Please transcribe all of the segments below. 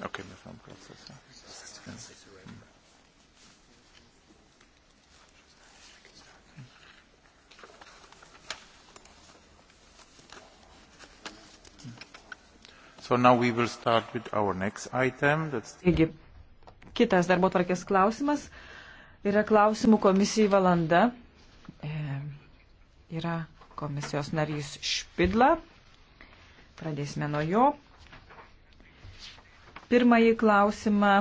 Okay, wir haben Prozesse. So now we will start with our next item. That's Taigi, kitas darbo tvarkės klausimas yra klausimų komisijai valanda. E, yra komisijos narys Špidla. Pradėsime nuo jo. Pirmąjį klausimą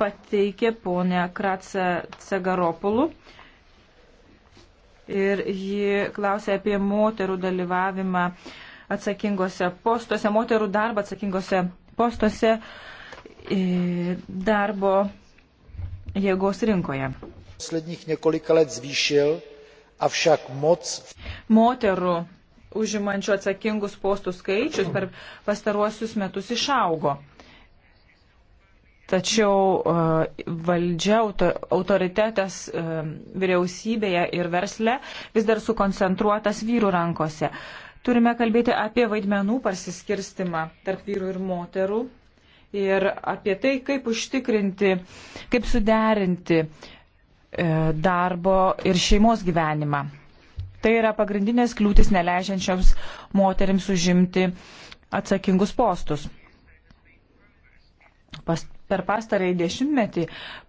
pateikė ponė Kratsa Cegaropulų. Ir ji klausė apie moterų dalyvavimą atsakingose postuose, moterų darbą atsakingose postuose e, darbo jėgos rinkoje. Moterų užimančių atsakingus postų skaičius per pastaruosius metus išaugo. Tačiau e, valdžia, autoritetas e, vyriausybėje ir versle vis dar sukoncentruotas vyrų rankose. Turime kalbėti apie vaidmenų pasiskirstimą tarp vyrų ir moterų ir apie tai, kaip užtikrinti, kaip suderinti e, darbo ir šeimos gyvenimą. Tai yra pagrindinės kliūtis neleidžiančioms moteriams užimti atsakingus postus. Pas, per pastarąjį dešimtmetį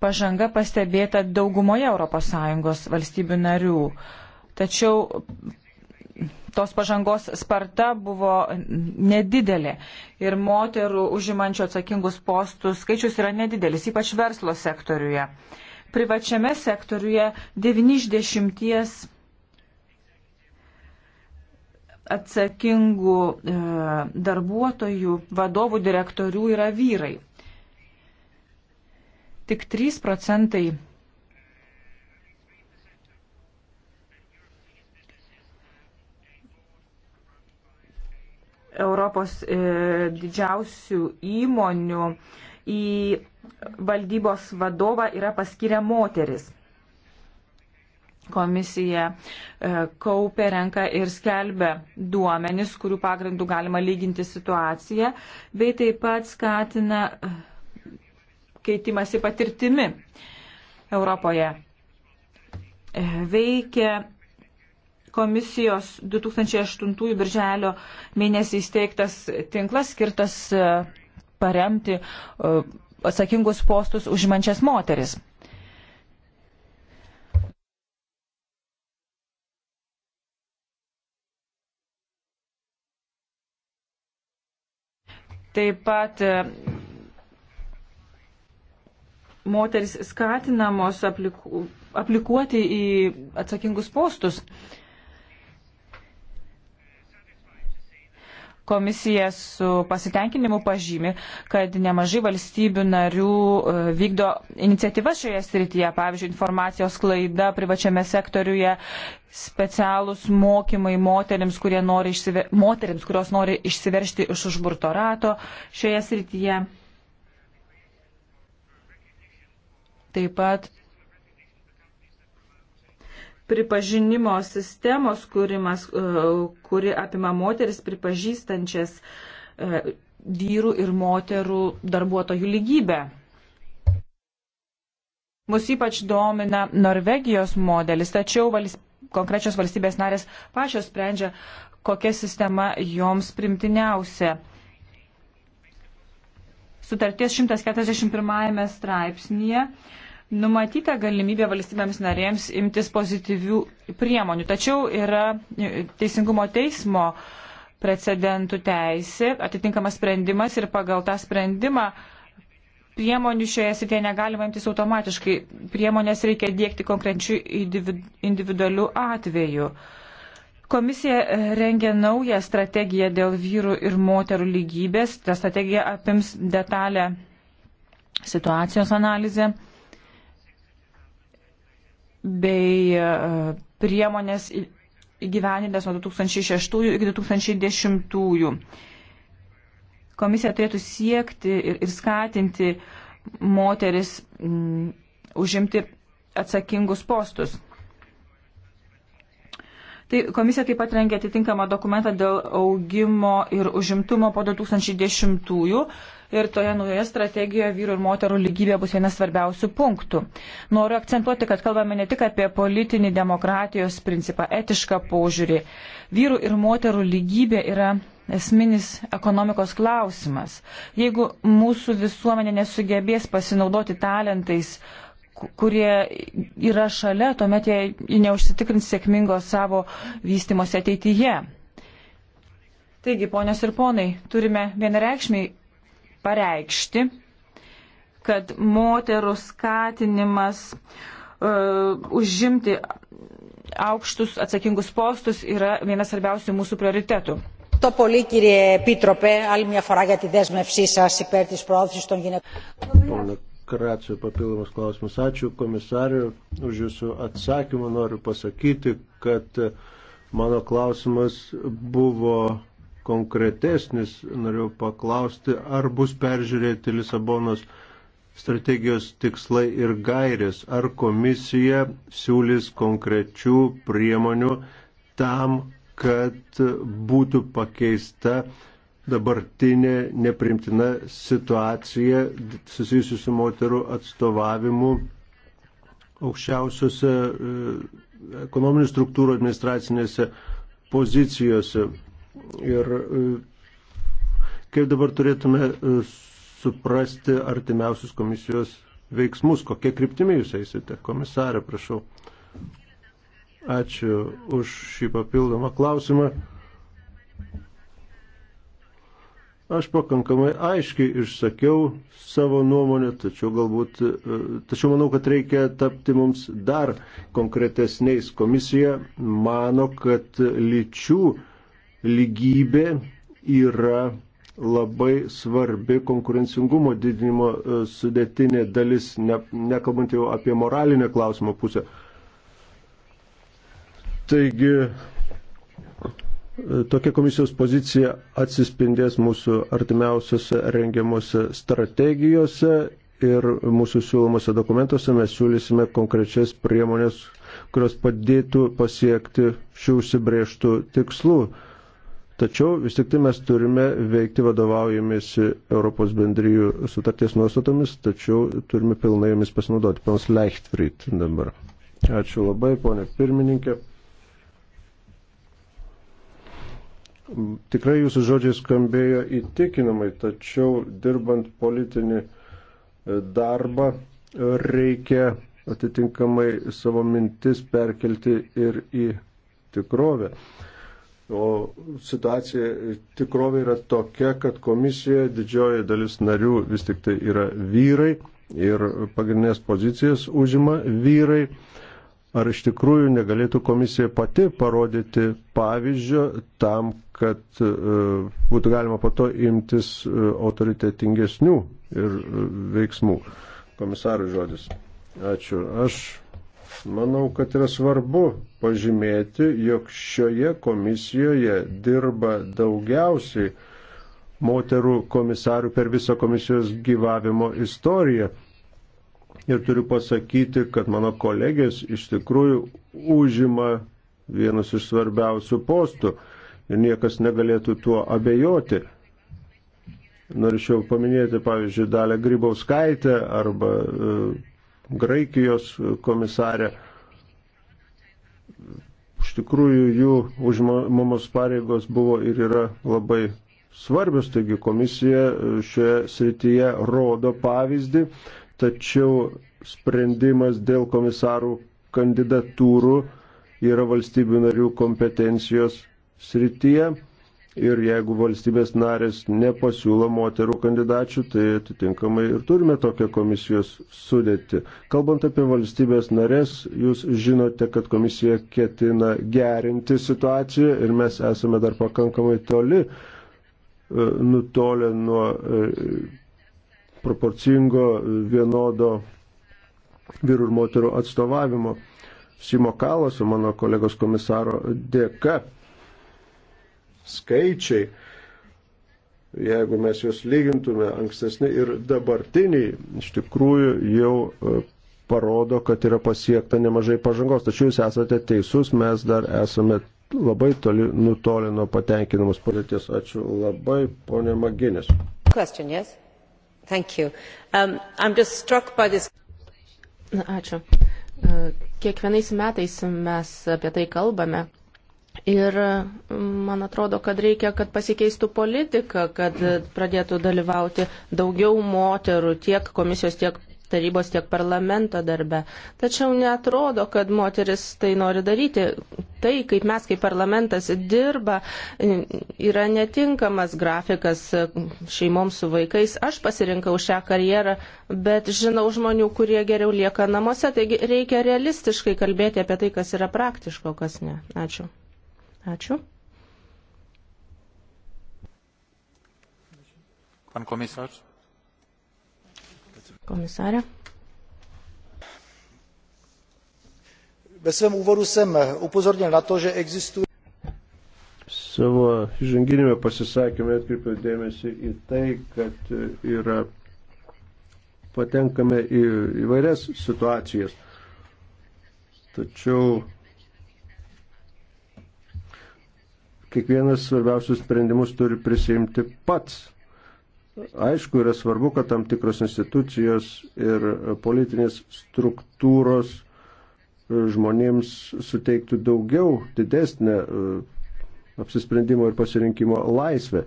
pažanga pastebėta daugumoje ES valstybių narių. Tačiau tos pažangos sparta buvo nedidelė ir moterų užimančių atsakingus postus skaičius yra nedidelis, ypač verslo sektoriuje. Privačiame sektoriuje 9 iš 10 atsakingų e, darbuotojų, vadovų, direktorių yra vyrai. Tik 3 procentai Europos e, didžiausių įmonių į valdybos vadovą yra paskiria moteris komisija e, kaupia, renka ir skelbia duomenis, kurių pagrindų galima lyginti situaciją, bei taip pat skatina e, keitimasi patirtimi Europoje. E, veikia komisijos 2008 birželio mėnesį įsteigtas tinklas skirtas paremti atsakingus postus užimančias moteris. Taip pat e, moteris skatinamos apliku, aplikuoti į atsakingus postus. Uh, Komisija su pasitenkinimu pažymi, kad nemažai valstybių narių e, vykdo iniciatyvas šioje srityje, pavyzdžiui, informacijos klaida privačiame sektoriuje, specialūs mokymai moteriams, nori išsiver... moteriams kurios nori išsiveršti iš užburto rato šioje srityje. Taip pat pripažinimo sistemos kūrimas, e, kuri apima moteris pripažįstančias e, vyrų ir moterų darbuotojų lygybę. Mus ypač domina Norvegijos modelis, tačiau valst, konkrečios valstybės narės pačios sprendžia, kokia sistema joms primtiniausia. Sutarties 141 straipsnėje numatyta galimybė valstybėms narėms imtis pozityvių priemonių. Tačiau yra Teisingumo teismo precedentų teisė, atitinkamas sprendimas ir pagal tą sprendimą priemonių šioje srityje negalima imtis automatiškai. Priemonės reikia dėkti konkrečių individualių atvejų. Komisija rengia naują strategiją dėl vyrų ir moterų lygybės. Ta strategija apims detalę situacijos analizę bei e, priemonės įgyvendintas nuo 2006 iki 2010. Komisija turėtų siekti ir, ir skatinti moteris m, užimti atsakingus postus. Tai komisija taip pat rengia atitinkamą dokumentą dėl augimo ir užimtumo po 2010. -ųjų ir toje naujoje strategijoje vyrų ir moterų lygybė bus vienas svarbiausių punktų. Noriu akcentuoti, kad kalbame ne tik apie politinį demokratijos principą, etišką požiūrį. Vyrų ir moterų lygybė yra esminis ekonomikos klausimas. Jeigu mūsų visuomenė nesugebės pasinaudoti talentais, kurie yra šalia, tuomet jie neužsitikrins sėkmingos savo vystimos ateityje. Taigi, ponios ir ponai, turime vienareikšmiai pareikšti, kad moterų skatinimas uh, užimti aukštus atsakingus postus yra vienas svarbiausių mūsų prioritetų. Το πολύ κύριε Επίτροπε, άλλη μια φορά για τη δέσμευσή σας υπέρ της προώθησης των γυναικών. Kracijų papildomas klausimas. Ačiū komisariu už jūsų atsakymą. Noriu pasakyti, kad mano klausimas buvo konkretesnis. Noriu paklausti, ar bus peržiūrėti Lisabonos strategijos tikslai ir gairės, ar komisija siūlys konkrečių priemonių tam, kad būtų pakeista dabartinė neprimtina situacija susijusi su moterų atstovavimu aukščiausiose e, ekonominių struktūrų administracinėse pozicijose. Ir e, kaip dabar turėtume e, suprasti artimiausius komisijos veiksmus, kokie kryptimi jūs eisite, komisarė, prašau. Ačiū už šį papildomą klausimą. Aš pakankamai aiškiai išsakiau savo nuomonę, tačiau galbūt, e, tačiau manau, kad reikia tapti mums dar konkretesniais. Komisija mano, kad lyčių lygybė yra labai svarbi konkurencingumo didinimo e, sudėtinė dalis, ne, nekalbant jau apie moralinę klausimo pusę. Taigi, e, tokia komisijos pozicija atsispindės mūsų artimiausiose rengiamuose strategijose ir mūsų siūlomose dokumentuose mes siūlysime konkrečias priemonės, kurios padėtų pasiekti šių užsibrėžtų tikslų. Tačiau vis tik tai mes turime veikti vadovaujamėsi Europos bendryjų sutarties nuostatomis, tačiau turime pilnai jomis pasinaudoti. Pans Leichtfried dabar. Ačiū labai, ponė pirmininkė. Tikrai jūsų žodžiai skambėjo įtikinamai, tačiau dirbant politinį darbą reikia atitinkamai savo mintis perkelti ir į tikrovę. O situacija tikrovė yra tokia, kad komisijoje didžioji dalis narių vis tik tai yra vyrai ir pagrindinės pozicijas užima vyrai. Ar iš tikrųjų negalėtų komisija pati parodyti pavyzdžio tam, kad e, būtų galima po to imtis e, autoritetingesnių ir e, veiksmų? Komisarų žodis. Ačiū. Aš Manau, kad yra svarbu pažymėti, jog šioje komisijoje dirba daugiausiai moterų komisarių per visą komisijos gyvavimo istoriją. Ir turiu pasakyti, kad mano kolegės iš tikrųjų užima vienus iš svarbiausių postų ir niekas negalėtų tuo abejoti. Norėčiau paminėti, pavyzdžiui, Dalę Grybauskaitę arba e, Graikijos komisarė. Iš tikrųjų, jų užmamos pareigos buvo ir yra labai svarbios, taigi komisija šioje srityje rodo pavyzdį, tačiau sprendimas dėl komisarų kandidatūrų yra valstybių narių kompetencijos srityje ir jeigu valstybės narės nepasiūlo moterų kandidačių, tai atitinkamai ir turime tokią komisijos sudėti. Kalbant apie valstybės narės, jūs žinote, kad komisija ketina gerinti situaciją ir mes esame dar pakankamai toli e, nutolę nuo e, proporcingo vienodo vyrų ir moterų atstovavimo. Simo Kalas, mano kolegos komisaro dėka skaičiai, jeigu mes juos lygintume ankstesnį ir dabartinį, iš tikrųjų jau e, parodo, kad yra pasiekta nemažai pažangos. Tačiau jūs esate teisus, mes dar esame labai toli nutolę nuo patenkinamos padėties. Ačiū labai, ponė Maginis. Question, yes? Thank you. Um, I'm just struck by this. Ačiū. E, kiekvienais metais mes apie tai kalbame Ir mm, man atrodo, kad reikia, kad pasikeistų politika, kad pradėtų dalyvauti daugiau moterų tiek komisijos, tiek tarybos, tiek parlamento darbe. Tačiau netrodo, kad moteris tai nori daryti. Tai, kaip mes, kaip parlamentas dirba, yra netinkamas grafikas šeimoms su vaikais. Aš pasirinkau šią karjerą, bet žinau žmonių, kurie geriau lieka namuose. Taigi reikia realistiškai kalbėti apie tai, kas yra praktiško, kas ne. Ačiū. Ačiū. Pan komisar. Komisarė. Ve svém úvodu jsem upozornil na to, že existuje. Savo žanginėme pasisakymė atkreipiau dėmesį į tai, kad yra patenkame į įvairias situacijas. Tačiau kiekvienas svarbiausius sprendimus turi prisimti pats. Aišku, yra svarbu, kad tam tikros institucijos ir politinės struktūros e, žmonėms suteiktų daugiau, didesnę e, apsisprendimo ir pasirinkimo laisvę.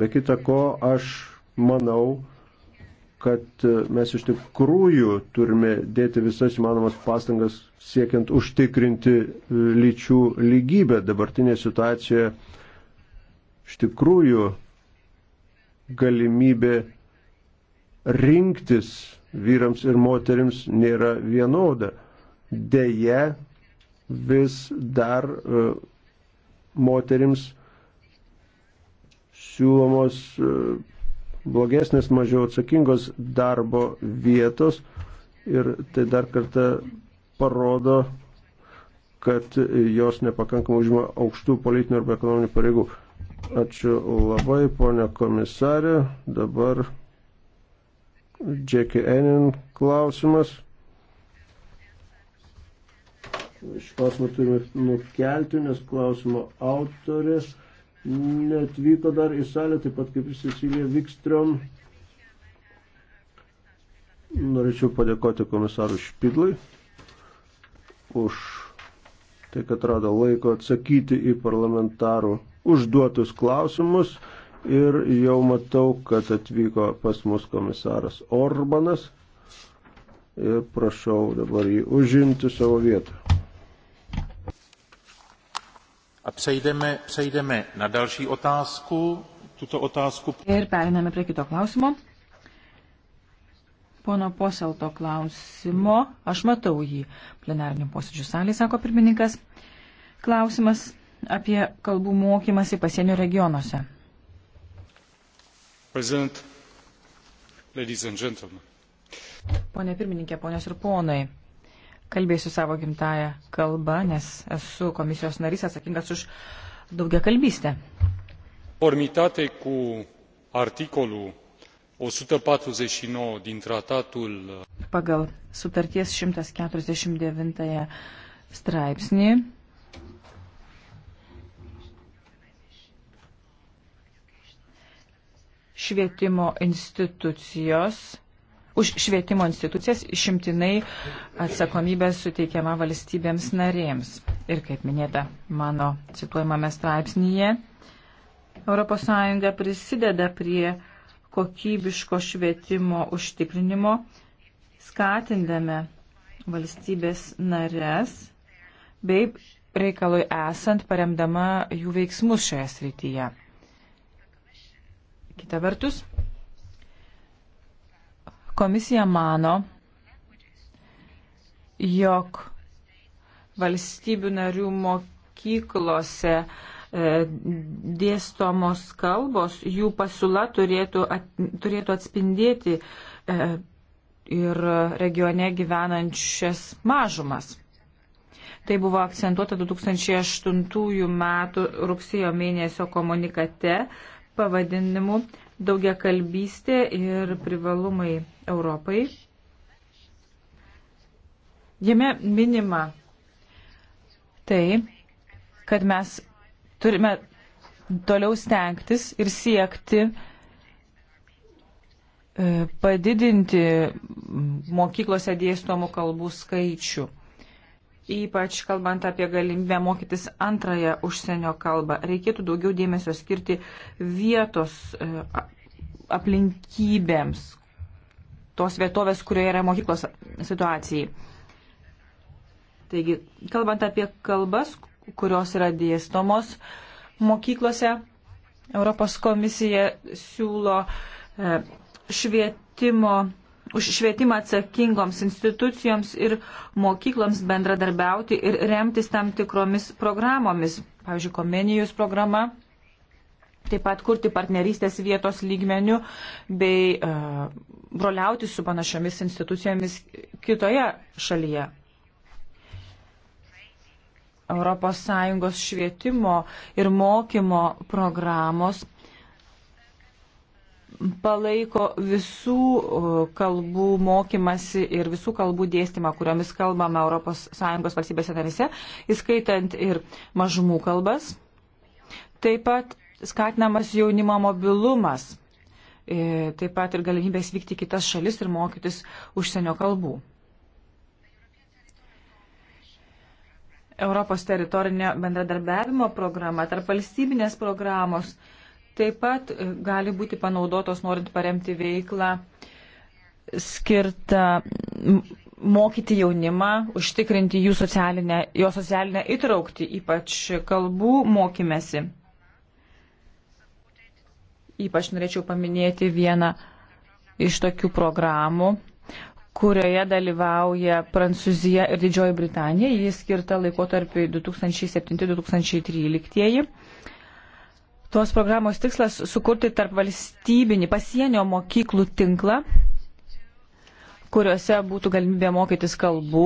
Be kita ko, aš manau, kad e, mes iš tikrųjų turime dėti visas įmanomas pastangas siekiant užtikrinti e, lyčių lygybę. Dabartinė situacija iš tikrųjų galimybė rinktis vyrams ir moteriams nėra vienoda. Deja, vis dar uh, e, moteriams siūlomos uh, blogesnės, mažiau atsakingos darbo vietos ir tai dar kartą parodo, kad jos nepakankamai užima aukštų politinių arba ekonominių pareigų. Ačiū labai, ponia komisarė. Dabar Jackie Enin klausimas. Šį klausimą turime nukelti, nes klausimo autorės atvyko dar į salę, taip pat kaip ir Cecilija Vikstrom. Norėčiau padėkoti komisarui Špidlai už tai, kad rado laiko atsakyti į parlamentarų užduotus klausimus. Ir jau matau, kad atvyko pas mus komisaras Orbanas. Ir prašau dabar jį užimti savo vietą. A přejdeme, přejdeme na další otázku. Tuto otázku... Ir periname prie kito klausimo. Pono Poselto klausimo. Aš matau jį plenarnių posėdžių salėje, sako pirmininkas. Klausimas apie kalbų mokymasi pasienio regionuose. President, ladies and gentlemen. Pone pirmininkė, ponios ir ponai kalbėsiu savo gimtają kalbą, nes esu komisijos narys atsakingas už daugia kalbystę. Conformitate cu articolul 149 din tratatul. Pagal sutarties 149 straipsnį. Švietimo institucijos už švietimo institucijas išimtinai atsakomybė suteikiama valstybėms narėms. Ir kaip minėta mano cituojamame straipsnyje, ES prisideda prie kokybiško švietimo užtikrinimo, skatindame valstybės narės bei reikalui esant paremdama jų veiksmus šioje srityje. Kita vertus, Komisija mano, jog valstybių narių mokyklose e, dėstomos kalbos, jų pasiūla turėtų, at, turėtų atspindėti e, ir regione gyvenančias mažumas. Tai buvo akcentuota 2008 m. rugsėjo mėnesio komunikate pavadinimu daugia kalbystė ir privalumai Europai. Jame minima tai, kad mes turime toliau stengtis ir siekti e, padidinti mokyklose dėstomų kalbų skaičių ypač kalbant apie galimybę mokytis antrąją užsienio kalbą. Reikėtų daugiau dėmesio skirti vietos e, aplinkybėms, tos vietovės, kurioje yra mokyklos situacijai. Taigi, kalbant apie kalbas, kurios yra dėstomos mokyklose, Europos komisija siūlo e, švietimo už švietimą atsakingoms institucijoms ir mokykloms bendradarbiauti ir remtis tam tikromis programomis, pavyzdžiui, komenijos programa, taip pat kurti partnerystės vietos lygmenių bei uh, broliauti su panašiomis institucijomis kitoje šalyje. ES švietimo ir mokymo programos palaiko visų kalbų mokymasi ir visų kalbų dėstymą, kuriomis kalbama ES valstybėse narise, įskaitant ir mažumų kalbas. Taip pat skatinamas jaunimo mobilumas, e, taip pat ir galimybės vykti į kitas šalis ir mokytis užsienio kalbų. Europos teritorinio bendradarbiavimo programa, tarp valstybinės programos taip pat e, gali būti panaudotos norint paremti veiklą skirtą mokyti jaunimą, užtikrinti jų socialinę, jo socialinę įtraukti, ypač kalbų mokymesi. Ypač norėčiau paminėti vieną iš tokių programų, kurioje dalyvauja Prancūzija ir Didžioji Britanija. Jis skirta laikotarpiu 2007-2013. Tos programos tikslas - sukurti tarp valstybinį pasienio mokyklų tinklą, kuriuose būtų galimybė mokytis kalbų,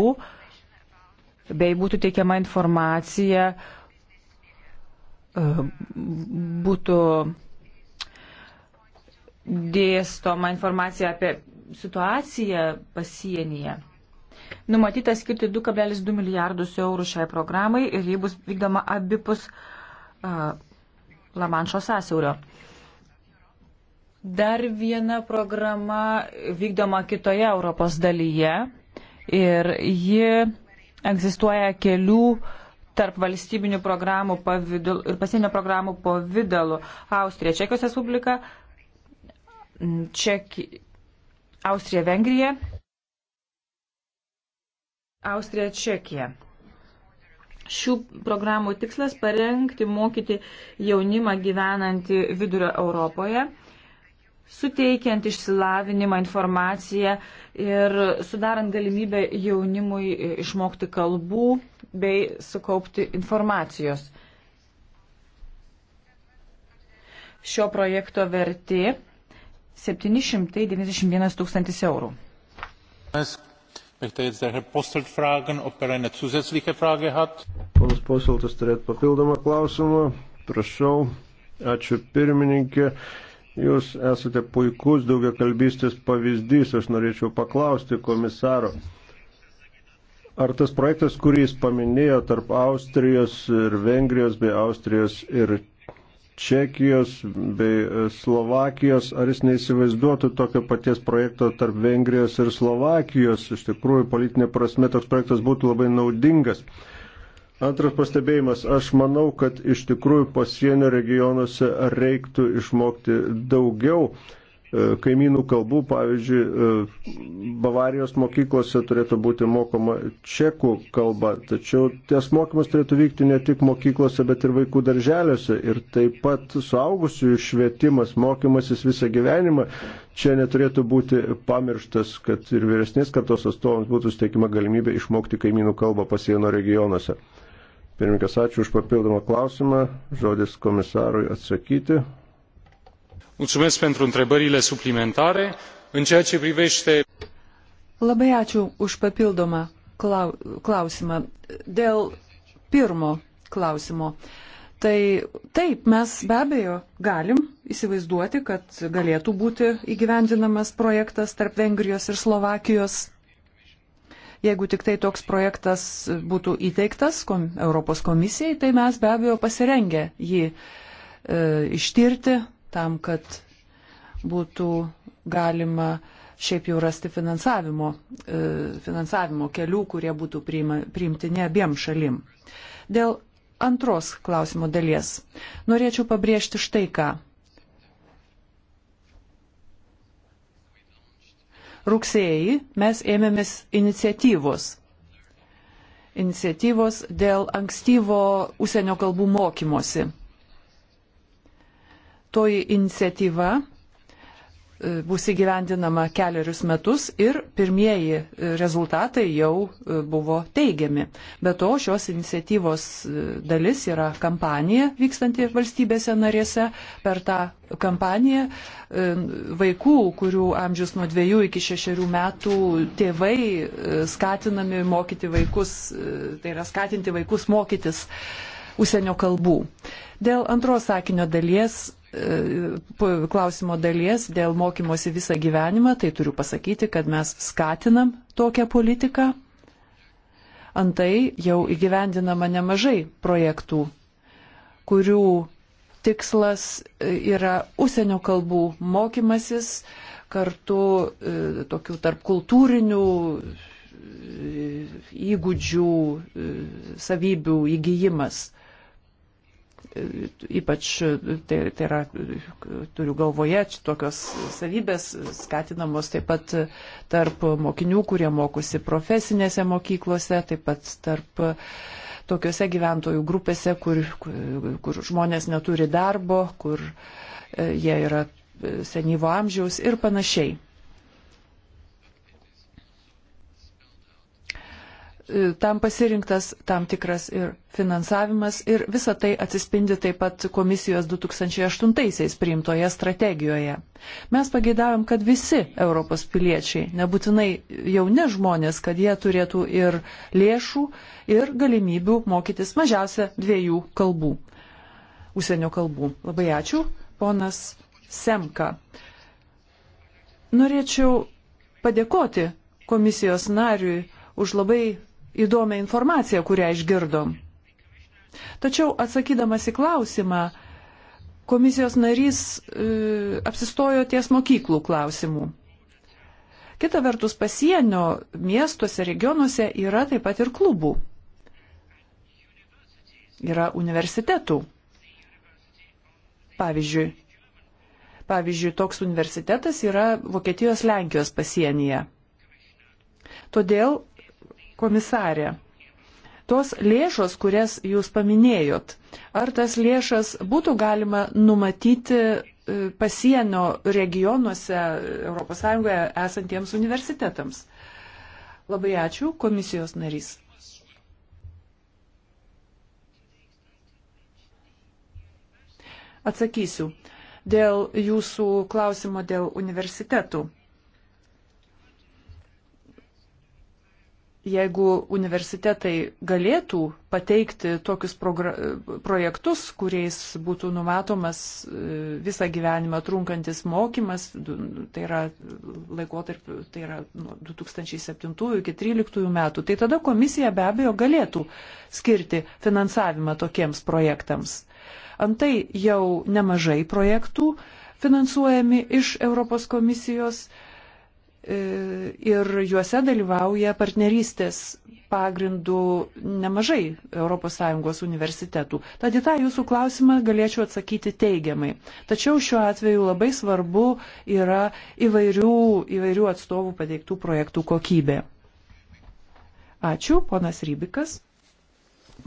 bei būtų teikiama informacija, e, būtų dėstoma informacija apie situaciją pasienyje. Numatyta skirti 2,2 milijardus eurų šiai programai ir jį bus vykdoma abipus uh, Lamanšo sąsiaurio. Dar viena programa vykdoma kitoje Europos dalyje ir ji egzistuoja kelių tarp valstybinių programų pavidalu, ir pasienio programų pavydalu. Austrija, Čekijos Respublika, Čeki, Austrija, Vengrija, Austrija, Čekija. Šių programų tikslas parengti, mokyti jaunimą gyvenantį vidurio Europoje, suteikiant išsilavinimą, informaciją ir sudarant galimybę jaunimui išmokti kalbų bei sukaupti informacijos. Šio projekto vertė 791 tūkstantis eurų. Mes Möchte jetzt der Herr Postelt fragen, ob er eine zusätzliche Frage hat? Ponas Posteltas turėtų papildomą klausimą. Prašau. Ačiū pirmininkė. Jūs esate puikus daugiakalbystės pavyzdys. Aš norėčiau paklausti komisaro. Ar tas projektas, kurį jis paminėjo tarp Austrijos ir Vengrijos bei Austrijos ir Čekijos bei e, Slovakijos, ar jis neįsivaizduotų tokio paties projekto tarp Vengrijos ir Slovakijos. Iš tikrųjų, politinė prasme toks projektas būtų labai naudingas. Antras pastebėjimas. Aš manau, kad iš tikrųjų pasienio regionuose reiktų išmokti daugiau E, kaimynų kalbų, pavyzdžiui, e, Bavarijos mokyklose turėtų būti mokoma čekų kalba, tačiau ties mokymas turėtų vykti ne tik mokyklose, bet ir vaikų darželiuose ir taip pat suaugusiųjų švietimas, mokymasis visą gyvenimą čia neturėtų būti pamirštas, kad ir vyresnės kartos atstovams būtų steikima galimybė išmokti kaimynų kalbą pasienio regionuose. Pirmininkas, ačiū už papildomą klausimą. Žodis komisarui atsakyti mulțumesc pentru întrebările suplimentare. în ceea ce privește Labai ačiū už papildomą klausimą. Dėl pirmo klausimo. Tai taip, mes be abejo galim įsivaizduoti, kad galėtų būti įgyvendinamas projektas tarp Vengrijos ir Slovakijos, jeigu tik tai toks projektas būtų įteiktas kom, Europos komisijai, tai mes be abejo pasirengę jį e, ištirti, tam, kad būtų galima šiaip jau rasti finansavimo, e, finansavimo kelių, kurie būtų priima, priimtini abiem šalim. Dėl antros klausimo dalies norėčiau pabrėžti štai ką. Rugsėjai mes ėmėmės iniciatyvos. Iniciatyvos dėl ankstyvo užsienio kalbų mokymosi Toji iniciatyva e, bus įgyvendinama keliarius metus ir pirmieji e, rezultatai jau e, buvo teigiami. Be to, šios iniciatyvos dalis yra kampanija vykstanti valstybėse narėse. Per tą kampaniją vaikų, kurių amžius nuo dviejų iki šešerių metų, tėvai skatinami mokyti vaikus, tai yra skatinti vaikus mokytis užsienio kalbų. Dėl antros sakinio dalies E, e, klausimo dalies dėl mokymosi visą gyvenimą, tai turiu pasakyti, kad mes skatinam tokią politiką. Antai jau įgyvendinama nemažai projektų, kurių tikslas e, yra užsienio kalbų mokymasis, kartu tokių tarpkultūrinių įgūdžių, savybių įgyjimas ypač tai, tai yra, turiu galvoje, tokios savybės skatinamos taip pat tarp mokinių, kurie mokosi profesinėse mokyklose, taip pat tarp tokiuose gyventojų grupėse, kur, kur, kur žmonės neturi darbo, kur e, jie yra e, senyvo amžiaus ir panašiai. E, tam pasirinktas tam tikras ir finansavimas ir visa tai atsispindi taip pat komisijos 2008-aisiais priimtoje strategijoje. Mes pageidavom, kad visi Europos piliečiai, nebūtinai jauni žmonės, kad jie turėtų ir lėšų, ir galimybių mokytis mažiausia dviejų kalbų, užsienio kalbų. Labai ačiū, ponas Semka. Norėčiau padėkoti komisijos nariui už labai įdomią informaciją, kurią išgirdom. Tačiau atsakydamas į klausimą, komisijos narys e, apsistojo ties mokyklų klausimų. Kita vertus, pasienio miestuose, regionuose yra taip pat ir klubų. Yra universitetų. Pavyzdžiui, pavyzdžiui, toks universitetas yra Vokietijos Lenkijos pasienyje. Todėl komisarė, tos lėšos, kurias jūs paminėjot, ar tas lėšas būtų galima numatyti e, pasienio regionuose ES esantiems universitetams? Labai ačiū, komisijos narys. Atsakysiu dėl jūsų klausimo dėl universitetų. jeigu universitetai galėtų pateikti tokius projektus, kuriais būtų numatomas e, visą gyvenimą trunkantis mokymas, tai yra laikotarpiu, tai yra nuo 2007 iki 2013 metų, tai tada komisija be abejo galėtų skirti finansavimą tokiems projektams. Antai jau nemažai projektų finansuojami iš Europos komisijos E, ir juose dalyvauja partnerystės pagrindų nemažai ES universitetų. Tad į tą jūsų klausimą galėčiau atsakyti teigiamai. Tačiau šiuo atveju labai svarbu yra įvairių, įvairių atstovų pateiktų projektų kokybė. Ačiū, ponas Rybikas.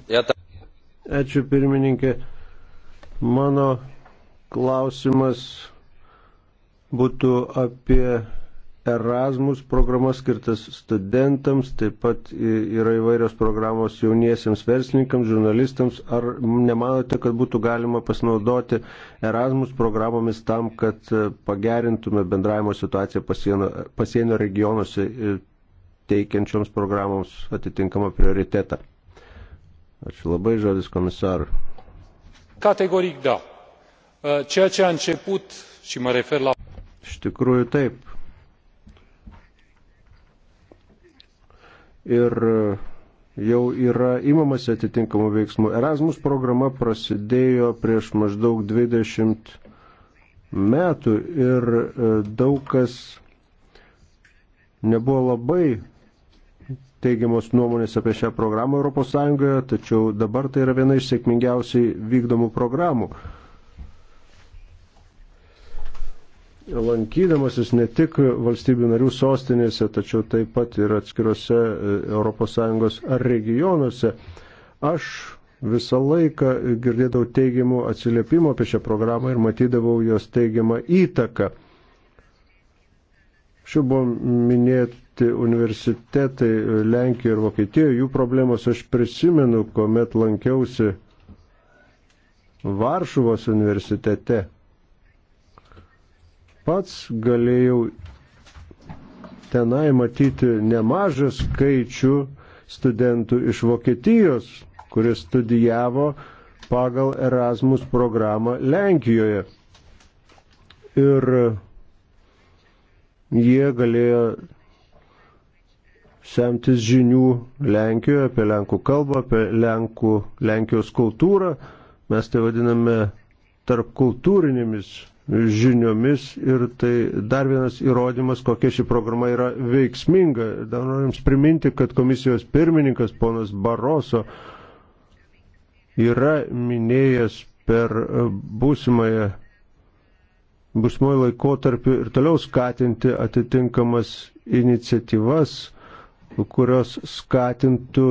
Ačiū, pirmininkė. Mano klausimas būtų apie Erasmus programas skirtas studentams, taip pat yra įvairios programos jauniesiems verslininkams, žurnalistams. Ar nemanote, kad būtų galima pasinaudoti Erasmus programomis tam, kad e, pagerintume bendravimo situaciją pasienio, pasienio regionuose e, teikiančioms programoms atitinkamą prioritetą? Ačiū labai, žodis komisarui. Categoric da. E, ceea ce a început și mă refer la. Iš tikrųjų taip ir e, jau yra imamasi atitinkamų veiksmų. Erasmus programa prasidėjo prieš maždaug 20 metų ir e, daug kas nebuvo labai teigiamos nuomonės apie šią programą ES, tačiau dabar tai yra viena iš sėkmingiausiai vykdomų programų. lankydamasis ne tik valstybių narių sostinėse, tačiau taip pat ir atskiruose ES ar regionuose, aš visą laiką girdėdavau teigiamų atsiliepimų apie šią programą ir matydavau jos teigiamą įtaką. Šiuo buvo minėti universitetai e, Lenkijoje ir Vokietijoje, jų problemos aš prisimenu, kuomet lankiausi Varšuvos universitete pats galėjau tenai matyti nemažą skaičių studentų iš Vokietijos, kurie studijavo pagal Erasmus programą Lenkijoje. Ir jie galėjo semtis žinių Lenkijoje apie Lenkų kalbą, apie Lenkų, Lenkijos kultūrą. Mes tai vadiname tarpkultūrinėmis žiniomis ir tai dar vienas įrodymas, kokia ši programa yra veiksminga. Dar noriu Jums priminti, kad komisijos pirmininkas ponas Baroso yra minėjęs per būsimąją būsimojo laikotarpiu ir toliau skatinti atitinkamas iniciatyvas, kurios skatintų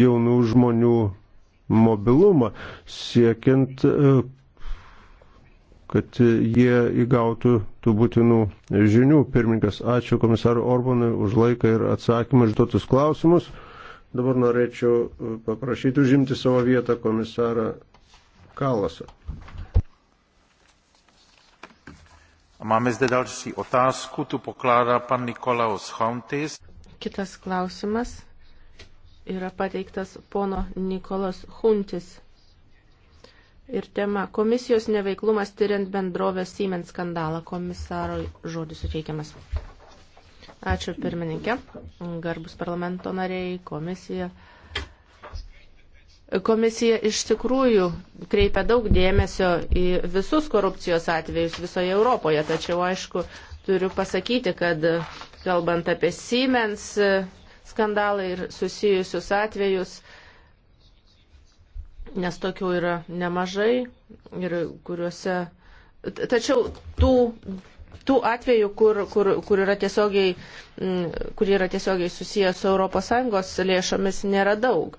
jaunų žmonių mobilumą, siekiant, e, kad jie įgautų tų būtinų žinių. Pirmininkas, ačiū komisaru Orbanui už laiką ir atsakymą išduotus klausimus. Dabar norėčiau e, paprašyti užimti savo vietą komisarą Kalasą. A máme zde další otázku, tu pokládá pan Nikolaos Chauntis. Kitas klausimas yra pateiktas pono Nikolas Huntis. Ir tema - komisijos neveiklumas tyriant bendrovės Siemens skandalą. Komisaro žodis suteikiamas. Ačiū pirmininkė, garbus parlamento nariai, komisija. Komisija iš tikrųjų kreipia daug dėmesio į visus korupcijos atvejus visoje Europoje, tačiau aišku, turiu pasakyti, kad kalbant apie Siemens skandalą ir susijusius atvejus, nes tokių yra nemažai ir kuriuose. Tačiau tų, tų atvejų, kur, kur, kur, yra tiesiogiai, kur yra tiesiogiai susijęs su ES lėšomis, nėra daug.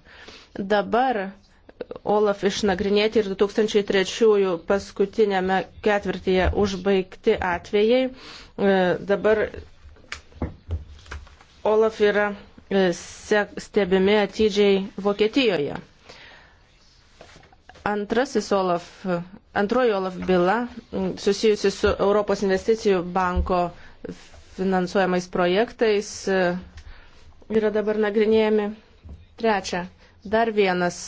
Dabar Olaf išnagrinėti ir 2003 paskutinėme ketvirtyje užbaigti atvejai. E, dabar Olaf yra e, stebimi atidžiai Vokietijoje. Antrasis Olaf, antroji Olaf byla susijusi su Europos investicijų banko finansuojamais projektais yra dabar nagrinėjami. Trečia, dar vienas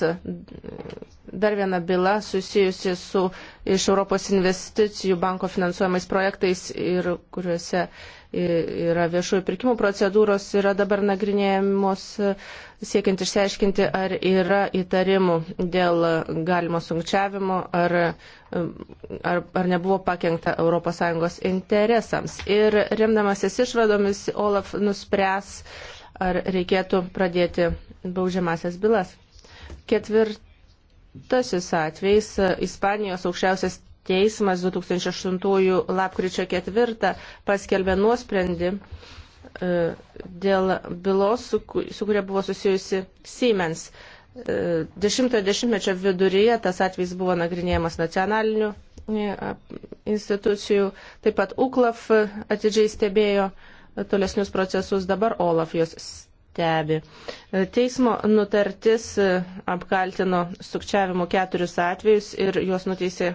dar viena byla susijusi su iš Europos investicijų banko finansuojamais projektais ir kuriuose yra viešųjų pirkimų procedūros, yra dabar nagrinėjamos siekiant išsiaiškinti, ar yra įtarimų dėl galimo sunkčiavimo, ar, ar, ar nebuvo pakengta ES interesams. Ir remdamasis išvadomis, Olaf nuspręs, ar reikėtų pradėti baudžiamasias bylas. Ketvirt Tasis atvejs e, Ispanijos aukščiausias teismas 2008 lapkričio 4 paskelbė nuosprendį e, dėl bylos, su kuria buvo susijusi Siemens. 10-mečio e, viduryje tas atvejs buvo nagrinėjamas nacionalinių institucijų. Taip pat UKLAF atidžiai stebėjo tolesnius procesus, dabar OLAF juos stebi. Teismo nutartis apkaltino sukčiavimo keturis atvejus ir juos nuteisė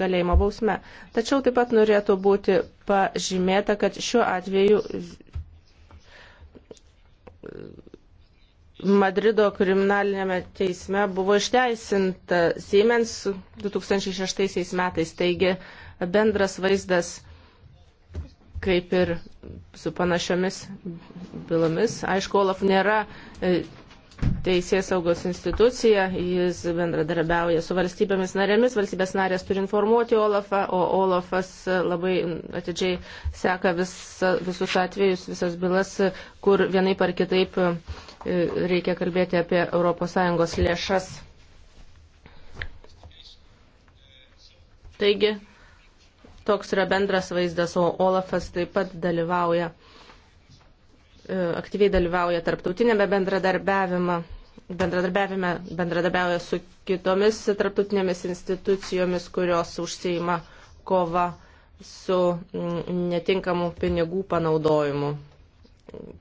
kalėjimo bausme. Tačiau taip pat norėtų būti pažymėta, kad šiuo atveju Madrido kriminalinėme teisme buvo išteisinta Siemens 2006 metais, taigi bendras vaizdas kaip ir su panašiomis bylomis. Aišku, Olaf nėra e, teisės saugos institucija, jis bendradarbiauja su valstybėmis narėmis, valstybės narės turi informuoti Olafą, o Olafas labai atidžiai seka vis, visus atvejus, visas bylas, kur vienai par kitaip e, reikia kalbėti apie ES lėšas. Taigi, toks yra bendras vaizdas, o Olafas taip pat dalyvauja, e, aktyviai dalyvauja tarptautinėme bendradarbiavime, bendradarbiavime bendradarbiauja su kitomis tarptautinėmis institucijomis, kurios užseima kova su mm, netinkamu pinigų panaudojimu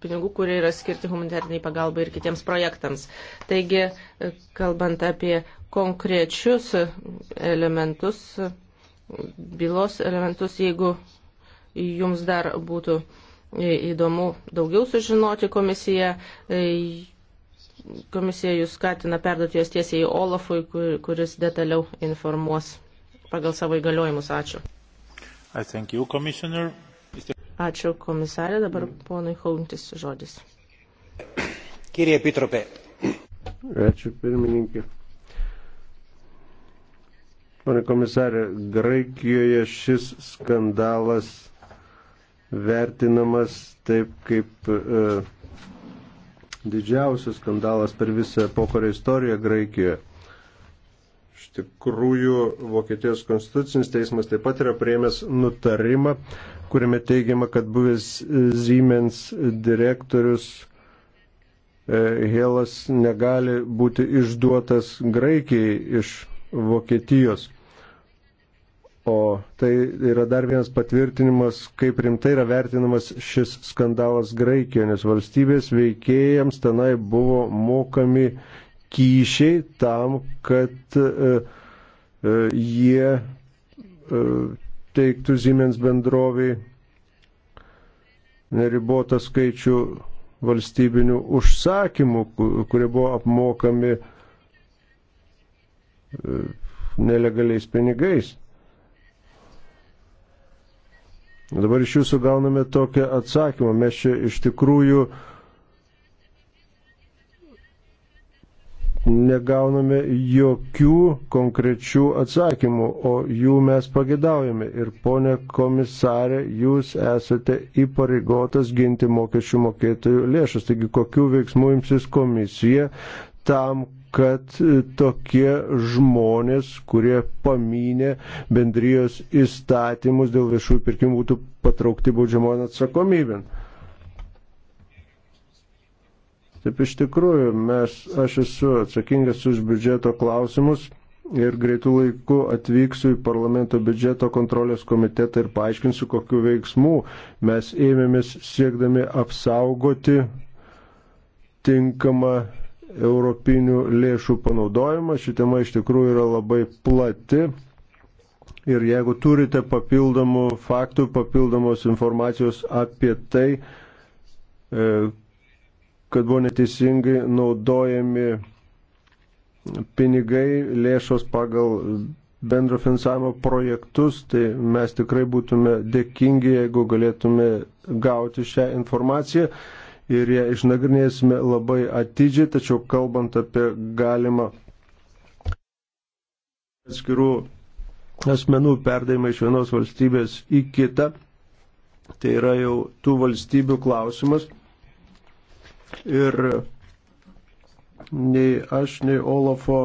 pinigų, kurie yra skirti humanitariniai pagalbai ir kitiems projektams. Taigi, kalbant apie konkrečius elementus, bylos elementus, jeigu jums dar būtų įdomu daugiau sužinoti komisiją. E, komisija jūs skatina perduoti juos tiesiai Olafui, kuris detaliau informuos pagal savo įgaliojimus. Ačiū. You, Ačiū komisarė, dabar ponui Hauntis žodis. Kyrie Pitropė. Ačiū pirmininkė. Pane komisarė, Graikijoje šis skandalas vertinamas taip kaip e, didžiausias skandalas per visą pokorio istoriją Graikijoje. Iš tikrųjų, Vokietijos konstitucinis teismas taip pat yra prieimęs nutarimą, kuriame teigiama, kad buvęs Siemens direktorius e, Helas negali būti išduotas Graikijai iš Vokietijos. O tai yra dar vienas patvirtinimas, kaip rimtai yra vertinamas šis skandalas Graikijoje, nes valstybės veikėjams tenai buvo mokami kyšiai tam, kad uh, uh, jie uh, teiktų Siemens bendroviai neribotą skaičių valstybinių užsakymų, kurie buvo apmokami nelegaliais pinigais. Dabar iš jūsų gauname tokią atsakymą. Mes čia iš tikrųjų negauname jokių konkrečių atsakymų, o jų mes pagėdaujame. Ir ponė komisarė, jūs esate įpareigotas ginti mokesčių mokėtojų lėšas. Taigi kokių veiksmų imsis komisija tam, kad e, tokie žmonės, kurie paminė bendrijos įstatymus dėl viešųjų pirkimų, būtų patraukti baudžiamon atsakomybėn. Taip iš tikrųjų, mes, aš esu atsakingas už biudžeto klausimus ir greitų laikų atvyksiu į parlamento biudžeto kontrolės komitetą ir paaiškinsiu, kokiu veiksmu mes ėmėmės siekdami apsaugoti tinkamą europinių lėšų panaudojimą. Ši tema iš tikrųjų yra labai plati. Ir jeigu turite papildomų faktų, papildomos informacijos apie tai, e, kad buvo neteisingai naudojami pinigai, lėšos pagal bendro finansavimo projektus, tai mes tikrai būtume dėkingi, jeigu galėtume gauti šią informaciją ir ją išnagrinėsime labai atidžiai, tačiau kalbant apie galimą atskirų asmenų perdavimą iš vienos valstybės į kitą, tai yra jau tų valstybių klausimas. Ir nei aš, nei Olafo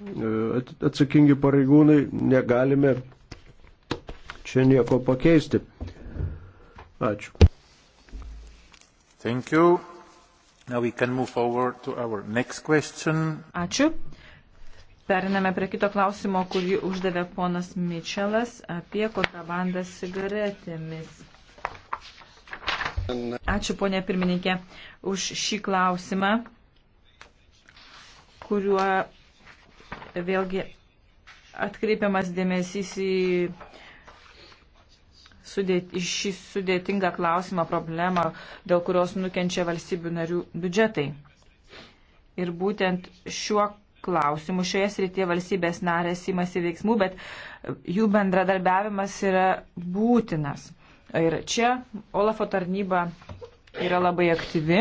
e, atsakingi pareigūnai negalime čia nieko pakeisti. Ačiū. Thank you. Now we can move forward to our next question. Ačiū. Periname prie kito klausimo, kurį uždavė ponas Mitčelas apie kontrabandą cigaretėmis. Ačiū, ponė pirmininkė, už šį klausimą, kuriuo vėlgi atkreipiamas dėmesys į sudėt, šį sudėtingą klausimą, problemą, dėl kurios nukenčia valstybių narių biudžetai. Ir būtent šiuo klausimu šioje srityje valstybės narės įmasi veiksmų, bet jų bendradarbiavimas yra būtinas. Ir čia Olafo tarnyba yra labai aktyvi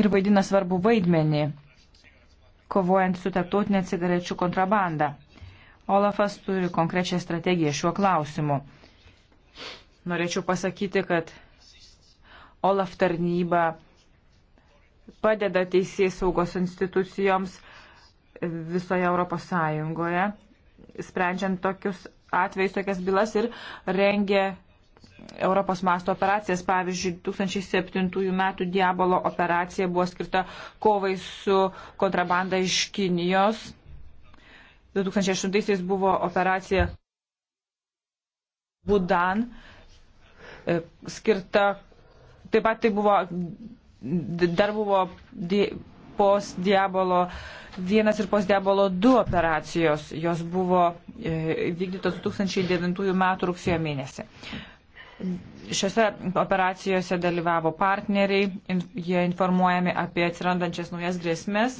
ir vaidina svarbu vaidmenį, kovojant su tarptautinė cigarečių kontrabanda. Olafas turi konkrečią strategiją šiuo klausimu. Norėčiau pasakyti, kad OLAF tarnyba padeda teisės saugos institucijoms visoje Europos Sąjungoje, sprendžiant tokius atvejus, tokias bylas ir rengia Europos masto operacijas. Pavyzdžiui, 2007 metų Diabolo operacija buvo skirta kovai su kontrabanda iš Kinijos. 2008 buvo operacija Budan e, skirta, taip pat tai buvo, dar buvo di, post diabolo vienas ir post diabolo du operacijos, jos buvo e, vykdytos 2009 m. rugsėjo mėnesį. Šiuose operacijose dalyvavo partneriai, in, jie informuojami apie atsirandančias naujas grėsmės.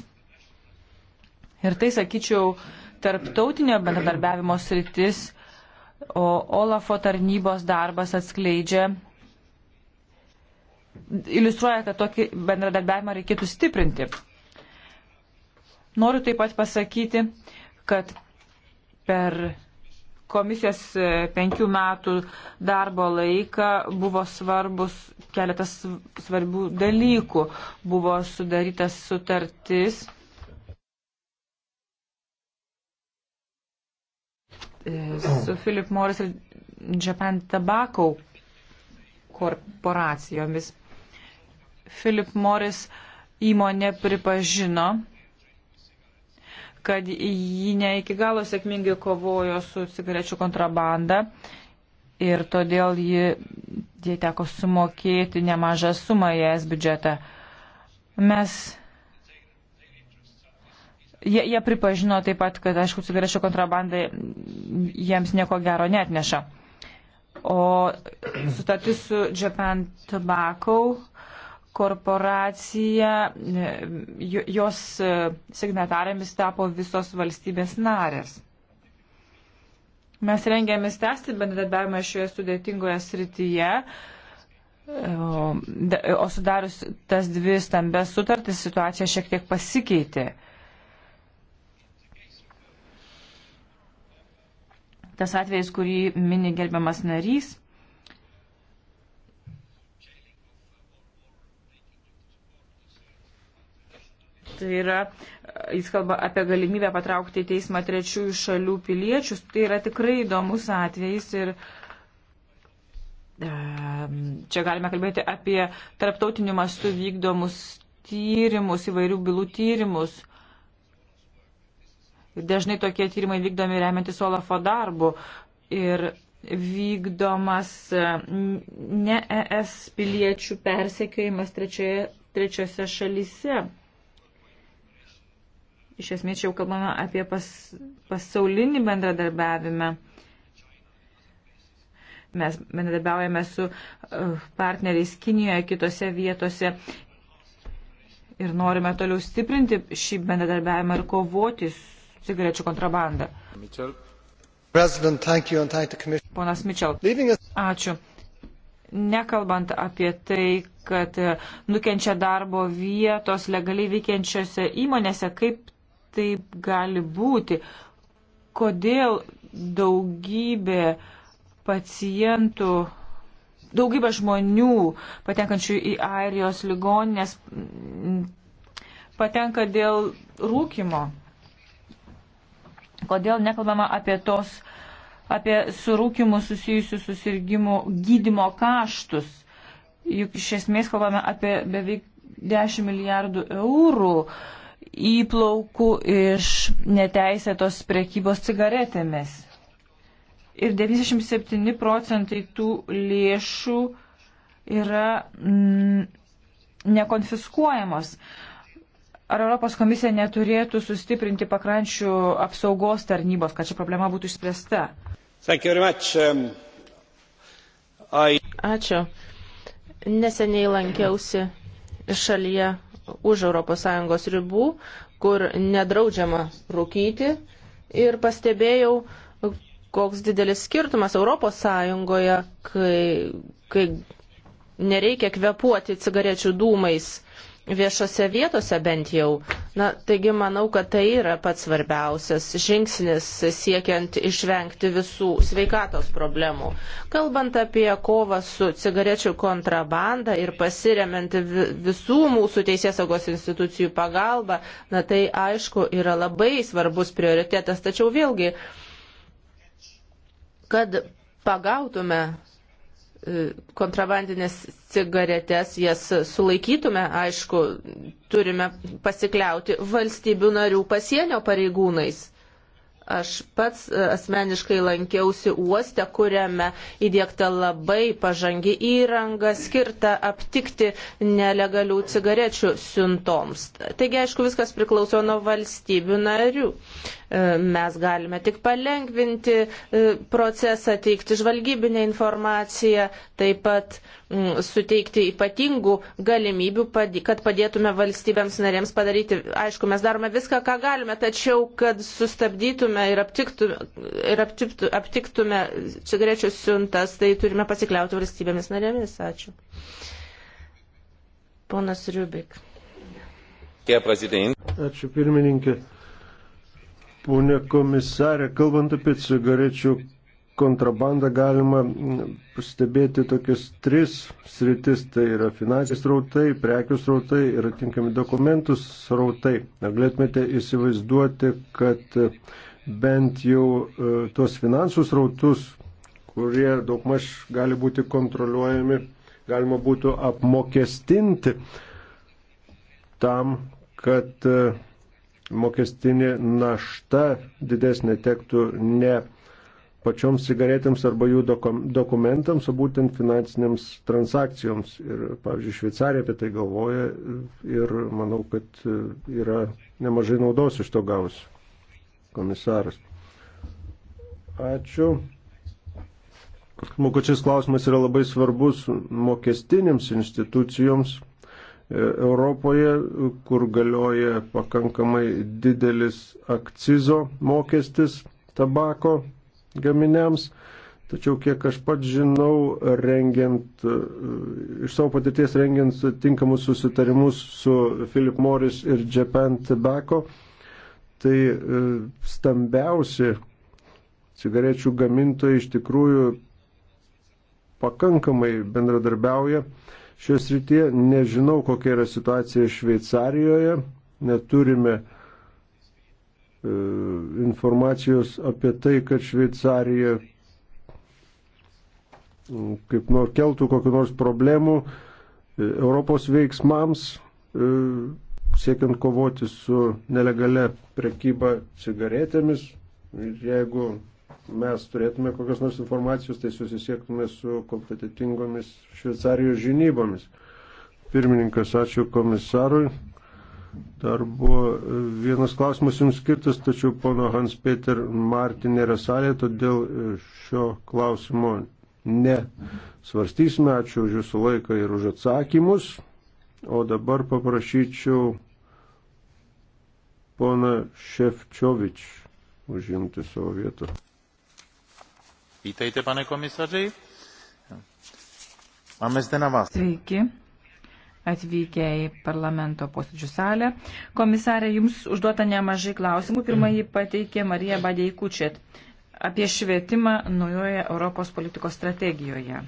Ir tai, sakyčiau, tarptautinio bendradarbiavimo sritis O Olafo tarnybos darbas atskleidžia, iliustruoja, kad tokį bendradarbiavimą reikėtų stiprinti. Noriu taip pat pasakyti, kad per komisijos e, penkių metų darbo laiką buvo svarbus keletas svarbių dalykų. Buvo sudarytas sutartis E, su Philip Morris ir Japan Tobacco korporacijomis. Philip Morris įmonė pripažino, kad ji ne iki galo sėkmingai kovojo su cigarečių kontrabanda ir todėl ji, jie teko sumokėti nemažą sumą į es biudžetą. Mes Jie, jie pripažino taip pat, kad, aišku, cigarečių kontrabanda jiems nieko gero netneša. O sutartis su Japan Tobacco korporacija, jos signatarėmis tapo visos valstybės narės. Mes rengiamės tęsti bendradarbiavimą šioje sudėtingoje srityje. O sudarius tas dvi stambes sutartis situacija šiek tiek pasikeitė. tas atvejis, kurį mini gerbiamas narys. Tai yra, jis kalba apie galimybę patraukti į teismą trečiųjų šalių piliečius. Tai yra tikrai įdomus atvejis ir čia galime kalbėti apie tarptautinių mastų vykdomus tyrimus, įvairių bylų tyrimus. Dažnai tokie tyrimai vykdomi remiantis Olafo darbu ir vykdomas e, ne ES piliečių persekiojimas trečioje, trečiose šalyse. Iš esmės čia jau kalbame apie pas, pasaulinį bendradarbiavimą. Mes bendradarbiaujame su e, partneriais Kinijoje, kitose vietose ir norime toliau stiprinti šį bendradarbiavimą ir kovoti su cigarečių kontrabandą. Ponas Mitchell, ačiū. Nekalbant apie tai, kad e, nukenčia darbo vietos legaliai veikiančiose įmonėse, kaip taip gali būti, kodėl daugybė pacientų daugybė žmonių patenkančių į Airijos ligoninės patenka dėl rūkimo. Kodėl nekalbama apie tos, apie surūkimų susijusių susirgymų gydimo kaštus? Juk iš esmės kalbame apie beveik 10 milijardų eurų įplaukų iš neteisėtos prekybos cigaretėmis. Ir 97 procentai tų lėšų yra mm, nekonfiskuojamos. Ar Europos komisija neturėtų sustiprinti pakrančių apsaugos tarnybos, kad ši problema būtų išspręsta? Um, I... Ačiū. Neseniai lankiausi šalyje už ES ribų, kur nedraudžiama rūkyti ir pastebėjau, koks didelis skirtumas ES, kai, kai nereikia kvepuoti cigarečių dūmais viešose vietose bent jau. Na, taigi manau, kad tai yra pats svarbiausias žingsnis siekiant išvengti visų sveikatos problemų. Kalbant apie kovą su cigarečių kontrabanda ir pasiremiant visų mūsų teisėsaugos institucijų pagalbą, na tai aišku yra labai svarbus prioritetas, tačiau vėlgi, kad pagautume E, kontrabandinės cigaretės, jas sulaikytume, aišku, turime pasikliauti valstybių narių pasienio pareigūnais. Aš pats e, asmeniškai lankiausi uoste, kuriame įdėkta labai pažangi įranga skirta aptikti nelegalių cigarečių siuntoms. Taigi, aišku, viskas priklauso nuo valstybių narių. Mes galime tik palengvinti e, procesą, teikti žvalgybinę informaciją, taip pat suteikti ypatingų galimybių, kad padėtume valstybėms narėms padaryti. Aišku, mes darome viską, ką galime, tačiau kad sustabdytume ir aptiktume, ir aptiktume, aptiktume cigarečių siuntas, tai turime pasikliauti valstybėmis narėmis. Ačiū. Ponas Riubik. Ačiū pirmininkė. Pone komisarė, kalbant apie cigarečių kontrabandą, galima pastebėti tokias tris sritis, tai yra finansės rautai, prekių srautai ir atinkami dokumentų srautai. Ar galėtumėte įsivaizduoti, kad bent jau e, tuos finansų srautus, kurie daugmaž gali būti kontroliuojami, galima būtų apmokestinti tam, kad uh, mokestinė našta didesnė tektų ne pačioms cigaretėms arba jų dokumentams, o būtent finansinėms transakcijoms. Ir, pavyzdžiui, Šveicarija apie tai galvoja ir manau, kad yra nemažai naudos iš to gaus komisaras. Ačiū. Mokočiais klausimas yra labai svarbus mokestinėms institucijoms Europoje, kur galioja pakankamai didelis akcizo mokestis tabako gaminiams. Tačiau, kiek aš pat žinau, rengiant, e, iš savo patirties rengiant tinkamus susitarimus su Philip Morris ir Japan Tobacco, tai e, stambiausi cigarečių gamintojai iš tikrųjų pakankamai bendradarbiauja šios rytie. Nežinau, kokia yra situacija Šveicarijoje. Neturime e, informacijos apie tai, kad Šveicarija mm, kaip nors keltų kokiu nors problemu e, Europos veiksmams e, siekiant kovoti su nelegale prekyba cigaretėmis. Jeigu mes turėtume kokios nors informacijos, tai susisiektume su kompetitingomis Šveicarijos žinybomis. Pirmininkas, ačiū komisarui. Dar buvo vienas klausimas jums skirtas, tačiau pono Hans Peter Martin nėra salė, todėl šio klausimo nesvarstysime. Ačiū už jūsų laiką ir už atsakymus. O dabar paprašyčiau pona Šefčiovič užimti savo vietą. Vítejte, pane komisaři. Máme zde na vás. Sveiki. Atvykę į parlamento posėdžių salę. Komisarė, jums užduota nemažai klausimų. Pirmąjį pateikė Marija Badėjai Kučet apie švietimą naujoje Europos politikos strategijoje.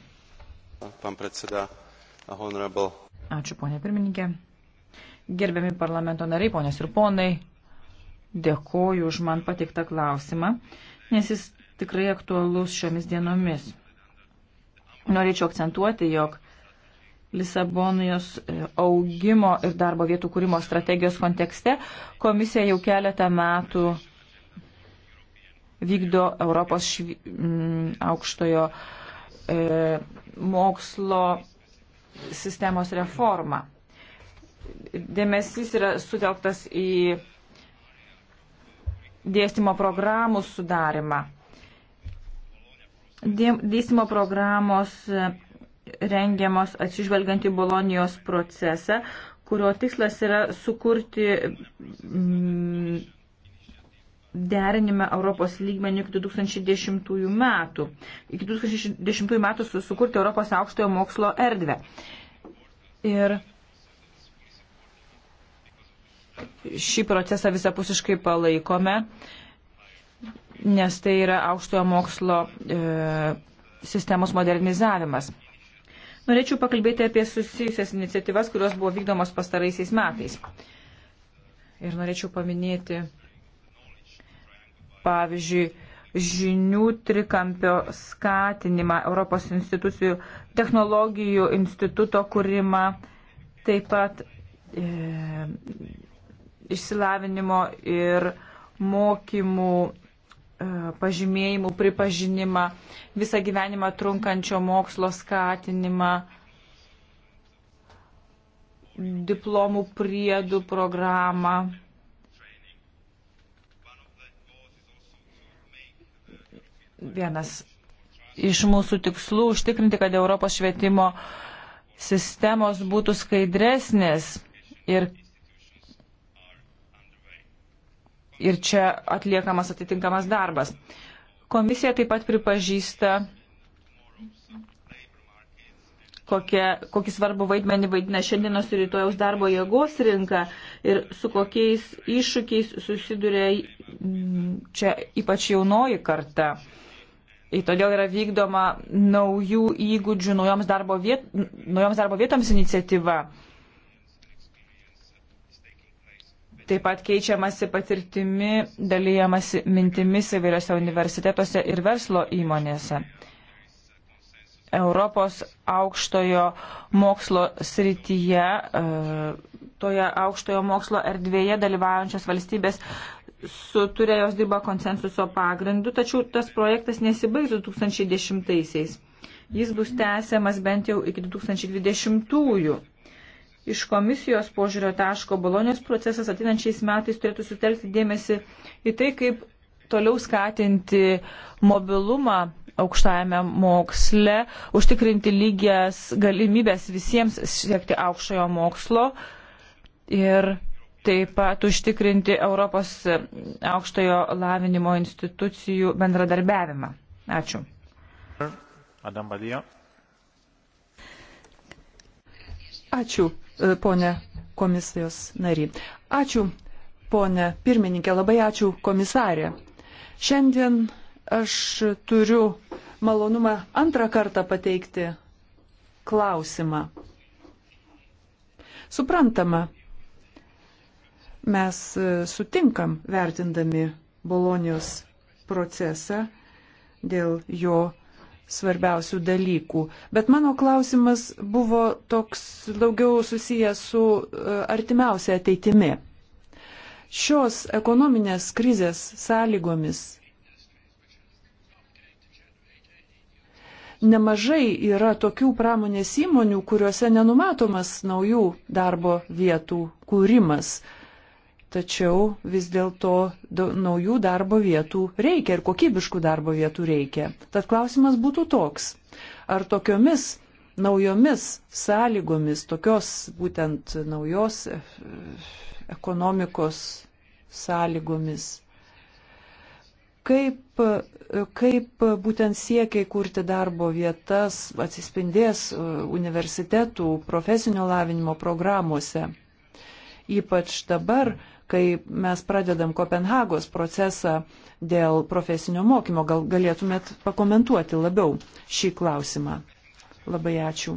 Ačiū, ponė pirmininkė. Gerbiami parlamento nariai, ponės ir ponai, dėkoju už man patiktą klausimą, nes jis tikrai aktualus šiomis dienomis. Norėčiau akcentuoti, jog Lisabonijos e, augimo ir darbo vietų kūrimo strategijos kontekste komisija jau keletą metų vykdo Europos švi... aukštojo e, mokslo sistemos reformą. Dėmesys yra sutelktas į dėstymo programų sudarimą dėstymo programos e, rengiamos atsižvelgiant į Bolonijos procesą, kurio tikslas yra sukurti derinime Europos lygmenių iki 2010 metų. Iki 2010 metų sukurti Europos aukštojo mokslo erdvę. Ir šį procesą visapusiškai palaikome. Uh, nes tai yra aukštojo mokslo e, sistemos modernizavimas. Norėčiau pakalbėti apie susijusias iniciatyvas, kurios buvo vykdomos pastaraisiais metais. Ir norėčiau paminėti, pavyzdžiui, žinių trikampio skatinimą Europos institucijų, technologijų instituto kūrimą, taip pat e, išsilavinimo ir mokymų E, pažymėjimų pripažinimą, visą gyvenimą trunkančio mokslo skatinimą, diplomų priedų programą. Vienas iš mūsų tikslų užtikrinti, kad Europos švietimo sistemos būtų skaidresnės ir ir čia atliekamas atitinkamas darbas. Komisija taip pat pripažįsta, kokie, kokį svarbų vaidmenį vaidina šiandienos ir rytojaus darbo jėgos rinka ir su kokiais iššūkiais susiduria čia ypač jaunoji karta. Ir todėl yra vykdoma naujų įgūdžių naujoms darbo, viet, naujoms darbo vietoms iniciatyva. Taip pat keičiamasi patirtimi, dalyjamasi mintimis įvairiose universitetuose ir verslo įmonėse. Europos aukštojo mokslo srityje, e, toje aukštojo mokslo erdvėje dalyvaujančios valstybės suturė jos dirba konsensuso pagrindu, tačiau tas projektas nesibaigs 2010-aisiais. Jis bus tęsiamas bent jau iki 2020-ųjų iš komisijos požiūrio taško Bolonijos procesas atinančiais metais turėtų sutelkti dėmesį į tai, kaip toliau skatinti mobilumą aukštajame moksle, užtikrinti lygias galimybės visiems siekti aukštojo mokslo ir taip pat užtikrinti Europos aukštojo lavinimo institucijų bendradarbiavimą. Ačiū. Adam Badija. Ačiū. E, ponė komisijos nary. Ačiū, ponė pirmininkė, labai ačiū komisarė. Šiandien aš turiu malonumą antrą kartą pateikti klausimą. Suprantama, mes sutinkam vertindami Bolonijos procesą dėl jo svarbiausių dalykų. Bet mano klausimas buvo toks daugiau susijęs su e, artimiausia ateitimi. Šios ekonominės krizės sąlygomis nemažai yra tokių pramonės įmonių, kuriuose nenumatomas naujų darbo vietų kūrimas tačiau vis dėlto naujų darbo vietų reikia ir kokybiškų darbo vietų reikia. Tad klausimas būtų toks, ar tokiomis naujomis sąlygomis, tokios būtent naujos e, ekonomikos sąlygomis, kaip, kaip būtent siekiai kurti darbo vietas atsispindės e, universitetų profesinio lavinimo programuose. Ypač dabar, kai mes pradedam Kopenhagos procesą dėl profesinio mokymo. Gal galėtumėt pakomentuoti labiau šį klausimą. Labai ačiū.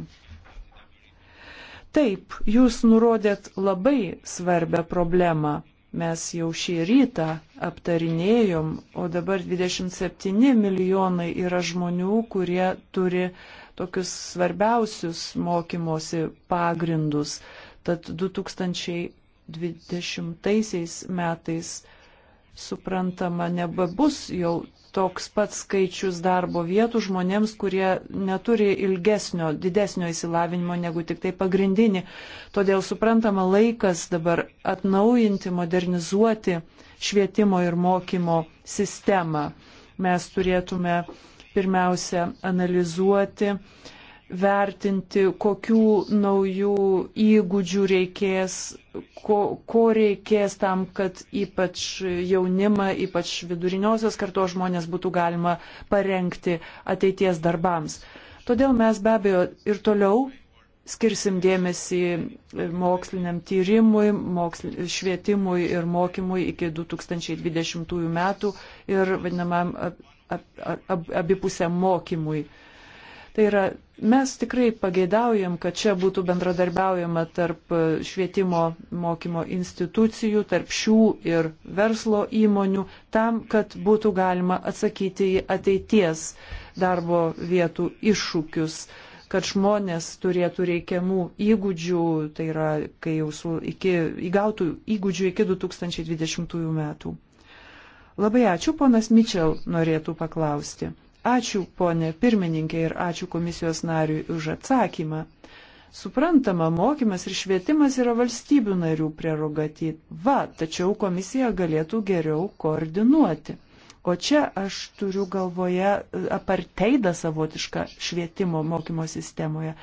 Taip, jūs nurodėt labai svarbę problemą. Mes jau šį rytą aptarinėjom, o dabar 27 milijonai yra žmonių, kurie turi tokius svarbiausius mokymosi pagrindus. Tad 2000 20 metais suprantama nebebus jau toks pats skaičius darbo vietų žmonėms, kurie neturi ilgesnio, didesnio įsilavinimo negu tik tai pagrindinį. Todėl suprantama laikas dabar atnaujinti, modernizuoti švietimo ir mokymo sistemą. Mes turėtume pirmiausia analizuoti uh, vertinti, kokių naujų įgūdžių reikės, ko, ko reikės tam, kad ypač jaunimą, ypač viduriniosios kartos žmonės būtų galima parengti ateities darbams. Todėl mes be abejo ir toliau skirsim dėmesį moksliniam tyrimui, moksl... švietimui ir mokymui iki 2020 metų ir vadinamam ab, ab, ab, abipusiam mokymui. Tai yra, mes tikrai pageidaujam, kad čia būtų bendradarbiaujama tarp e, švietimo mokymo institucijų, tarp šių ir verslo įmonių, tam, kad būtų galima atsakyti į ateities darbo vietų iššūkius kad žmonės turėtų reikiamų įgūdžių, tai yra, kai jau su, iki, įgautų įgūdžių iki 2020 metų. Labai ačiū, ponas Mitchell norėtų paklausti. Ačiū, ponė pirmininkė, ir ačiū komisijos nariui už atsakymą. Suprantama, mokymas ir švietimas yra valstybių narių prerogatyva, tačiau komisija galėtų geriau koordinuoti. O čia aš turiu galvoje aparteidą savotišką švietimo mokymo sistemoje.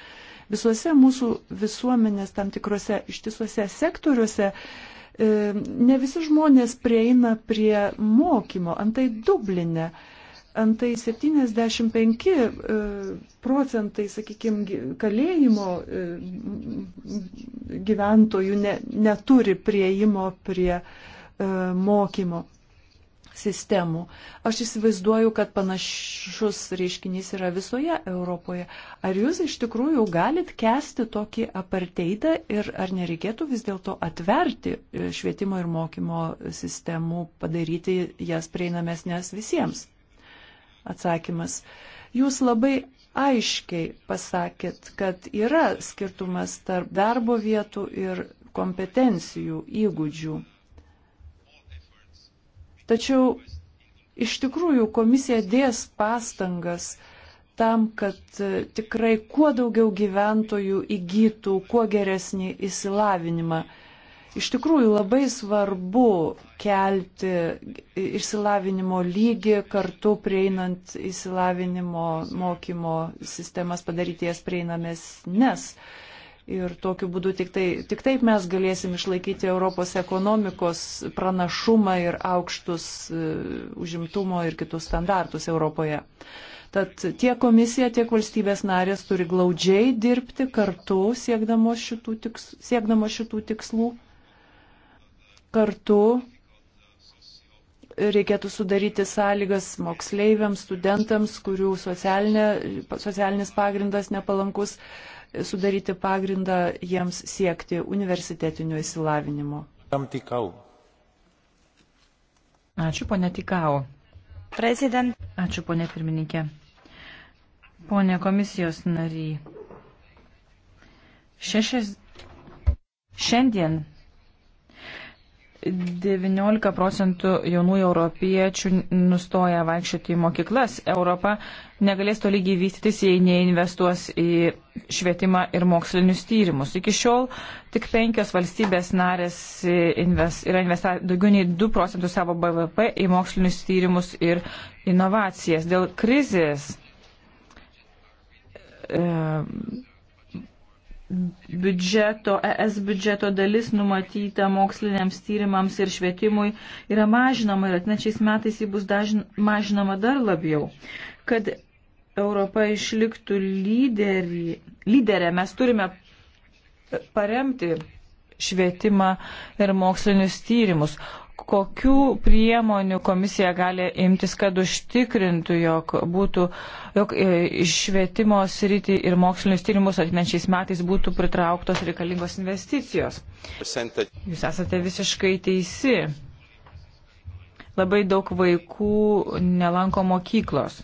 Visuose mūsų visuomenės tam tikrose ištisuose sektoriuose e, ne visi žmonės prieina prie mokymo, antai Dublinė. E Antai 75 e, procentai, sakykime, kalėjimo e, gyventojų ne, neturi prieimo prie e, mokymo sistemų. Aš įsivaizduoju, kad panašus reiškinys yra visoje Europoje. Ar jūs iš tikrųjų galit kesti tokį aparteidą ir ar nereikėtų vis dėlto atverti švietimo ir mokymo sistemų, padaryti jas prieinamesnės visiems? Atsakymas. Jūs labai aiškiai pasakėt, kad yra skirtumas tarp darbo vietų ir kompetencijų, įgūdžių. Tačiau iš tikrųjų komisija dės pastangas tam, kad e, tikrai kuo daugiau gyventojų įgytų kuo geresnį įsilavinimą Iš tikrųjų labai svarbu kelti išsilavinimo lygį, kartu prieinant išsilavinimo mokymo sistemas, padaryti jas prieinamesnes. Ir tokiu būdu tik, tai, tik taip mes galėsim išlaikyti Europos ekonomikos pranašumą ir aukštus e, užimtumo ir kitus standartus Europoje. Tad tiek komisija, tiek valstybės narės turi glaudžiai dirbti kartu siekdamos šitų, tiks, siekdamos šitų tikslų. Kartu reikėtų sudaryti sąlygas moksleiviams, studentams, kurių socialinė, socialinis pagrindas nepalankus, sudaryti pagrindą jiems siekti universitetinio įsilavinimo. Ačiū, ponė Tikau. Prezident. Ačiū, ponė pirmininkė. Pone komisijos nariai. Šešias... Šiandien 19 procentų jaunųjų europiečių nustoja vaikščioti į mokyklas. Europa negalės tolygiai vystytis, jei neinvestuos į švietimą ir mokslinius tyrimus. Iki šiol tik penkios valstybės narės invest, yra investavę daugiau nei 2 procentus savo BVP į mokslinius tyrimus ir inovacijas. Dėl krizės. E, biudžeto, ES biudžeto dalis numatyta moksliniams tyrimams ir švietimui yra mažinama ir atnečiais metais ji bus dažin, mažinama dar labiau. Kad Europa išliktų lyderį, lyderė, mes turime paremti švietimą ir mokslinius tyrimus kokių priemonių komisija gali imtis, kad užtikrintų, jog, būtų, jog e, švietimo sritį ir mokslinius tyrimus atmenčiais metais būtų pritrauktos reikalingos investicijos. Jūs esate visiškai teisi. Labai daug vaikų nelanko mokyklos.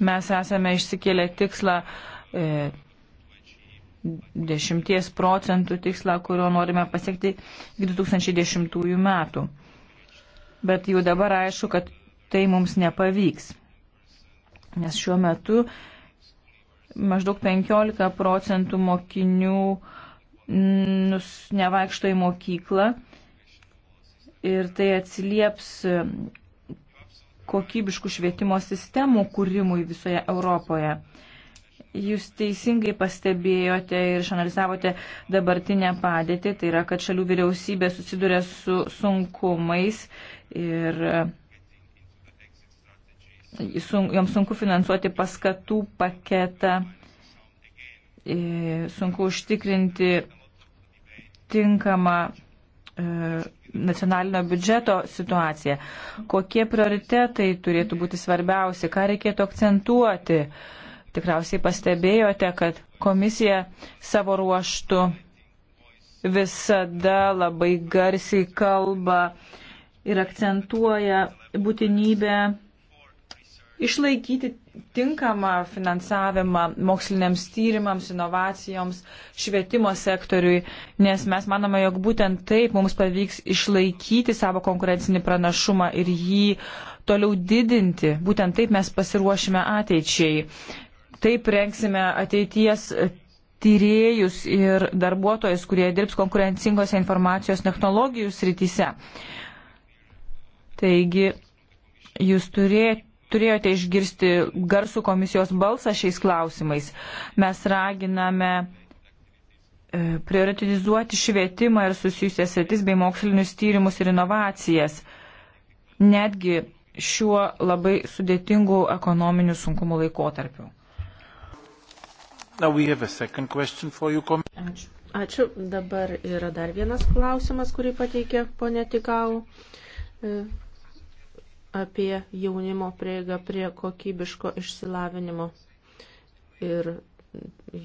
Mes esame išsikėlę tikslą. E, 10 procentų tikslą, kurio norime pasiekti iki 2010 metų. Bet jau dabar aišku, kad tai mums nepavyks. Nes šiuo metu maždaug 15 procentų mokinių mm, nevaikšto į mokyklą ir tai atsilieps e, kokybiškų švietimo sistemų kūrimui visoje Europoje. Jūs teisingai pastebėjote ir išanalizavote dabartinę padėtį, tai yra, kad šalių vyriausybė susiduria su sunkumais ir e, sun, joms sunku finansuoti paskatų paketą, e, sunku užtikrinti tinkamą e, nacionalinio biudžeto situaciją. Kokie prioritetai turėtų būti svarbiausi, ką reikėtų akcentuoti? Uh, Tikriausiai pastebėjote, kad komisija savo ruoštų visada labai garsiai kalba ir akcentuoja būtinybę išlaikyti tinkamą finansavimą moksliniams tyrimams, inovacijoms, švietimo sektoriui, nes mes manome, jog būtent taip mums pavyks išlaikyti savo konkurencinį pranašumą ir jį toliau didinti. Būtent taip mes pasiruošime ateičiai. Taip renksime ateities tyrėjus ir darbuotojus, kurie dirbs konkurencingose informacijos technologijų srityse. Taigi, jūs turėt, turėjote išgirsti garsų komisijos balsą šiais klausimais. Mes raginame e, prioritizuoti švietimą ir susijusias sritis bei mokslinius tyrimus ir inovacijas, netgi šiuo labai sudėtingu ekonominiu sunkumu laikotarpiu. Ačiū. Ačiū. Dabar yra dar vienas klausimas, kurį pateikė ponė Tikau e, apie jaunimo prieigą prie kokybiško išsilavinimo ir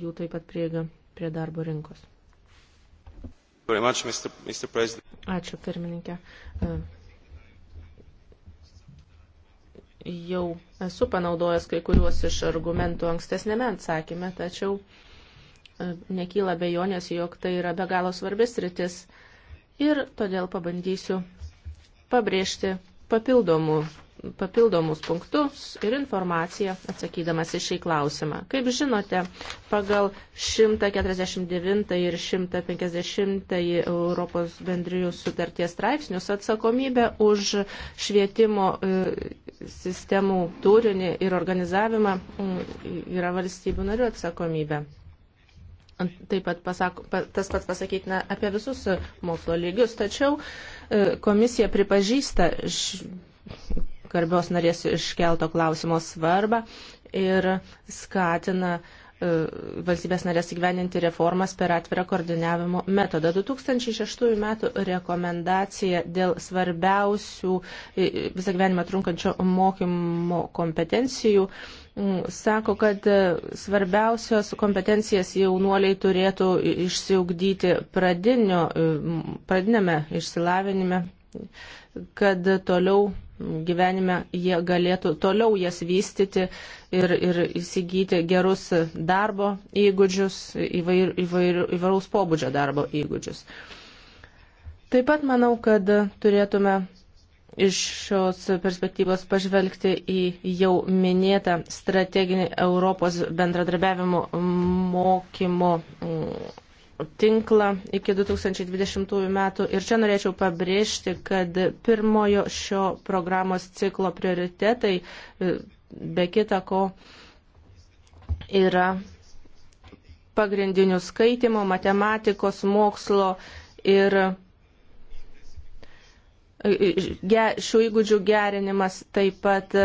jų taip pat prieigą prie darbo rinkos. Ačiū pirmininkė. E, jau esu panaudojęs kai kuriuos iš argumentų ankstesnėme atsakymė, tačiau e, nekyla bejonės, jog tai yra be galo svarbis rytis ir todėl pabandysiu pabrėžti papildomų papildomus punktus ir informaciją atsakydamas į šį klausimą. Kaip žinote, pagal 149 ir 150 Europos bendrijų sutarties straipsnius atsakomybė už švietimo e, sistemų turinį ir organizavimą yra valstybių narių atsakomybė. Taip pat pasako, tas pats pasakytina apie visus mokslo lygius, tačiau e, komisija pripažįsta š garbios narės iškelto klausimo svarbą ir skatina e, valstybės narės įgyveninti reformas per atvirą koordinavimo metodą. 2006 metų rekomendacija dėl svarbiausių e, e, visą gyvenimą trunkančio mokymo kompetencijų sako, kad svarbiausios kompetencijas jaunuoliai turėtų išsiugdyti pradinio, pradinėme išsilavinime, kad toliau gyvenime jie galėtų toliau jas vystyti ir, ir įsigyti gerus darbo įgūdžius, įvair, įvair, įvairaus pobūdžio darbo įgūdžius. Taip pat manau, kad turėtume iš šios perspektyvos pažvelgti į jau minėtą strateginį Europos bendradarbiavimo mokymo tinklą iki 2020 metų. Ir čia norėčiau pabrėžti, kad pirmojo šio programos ciklo prioritetai, e, be kita ko, yra pagrindinių skaitimo, matematikos, mokslo ir e, e, šių įgūdžių gerinimas taip pat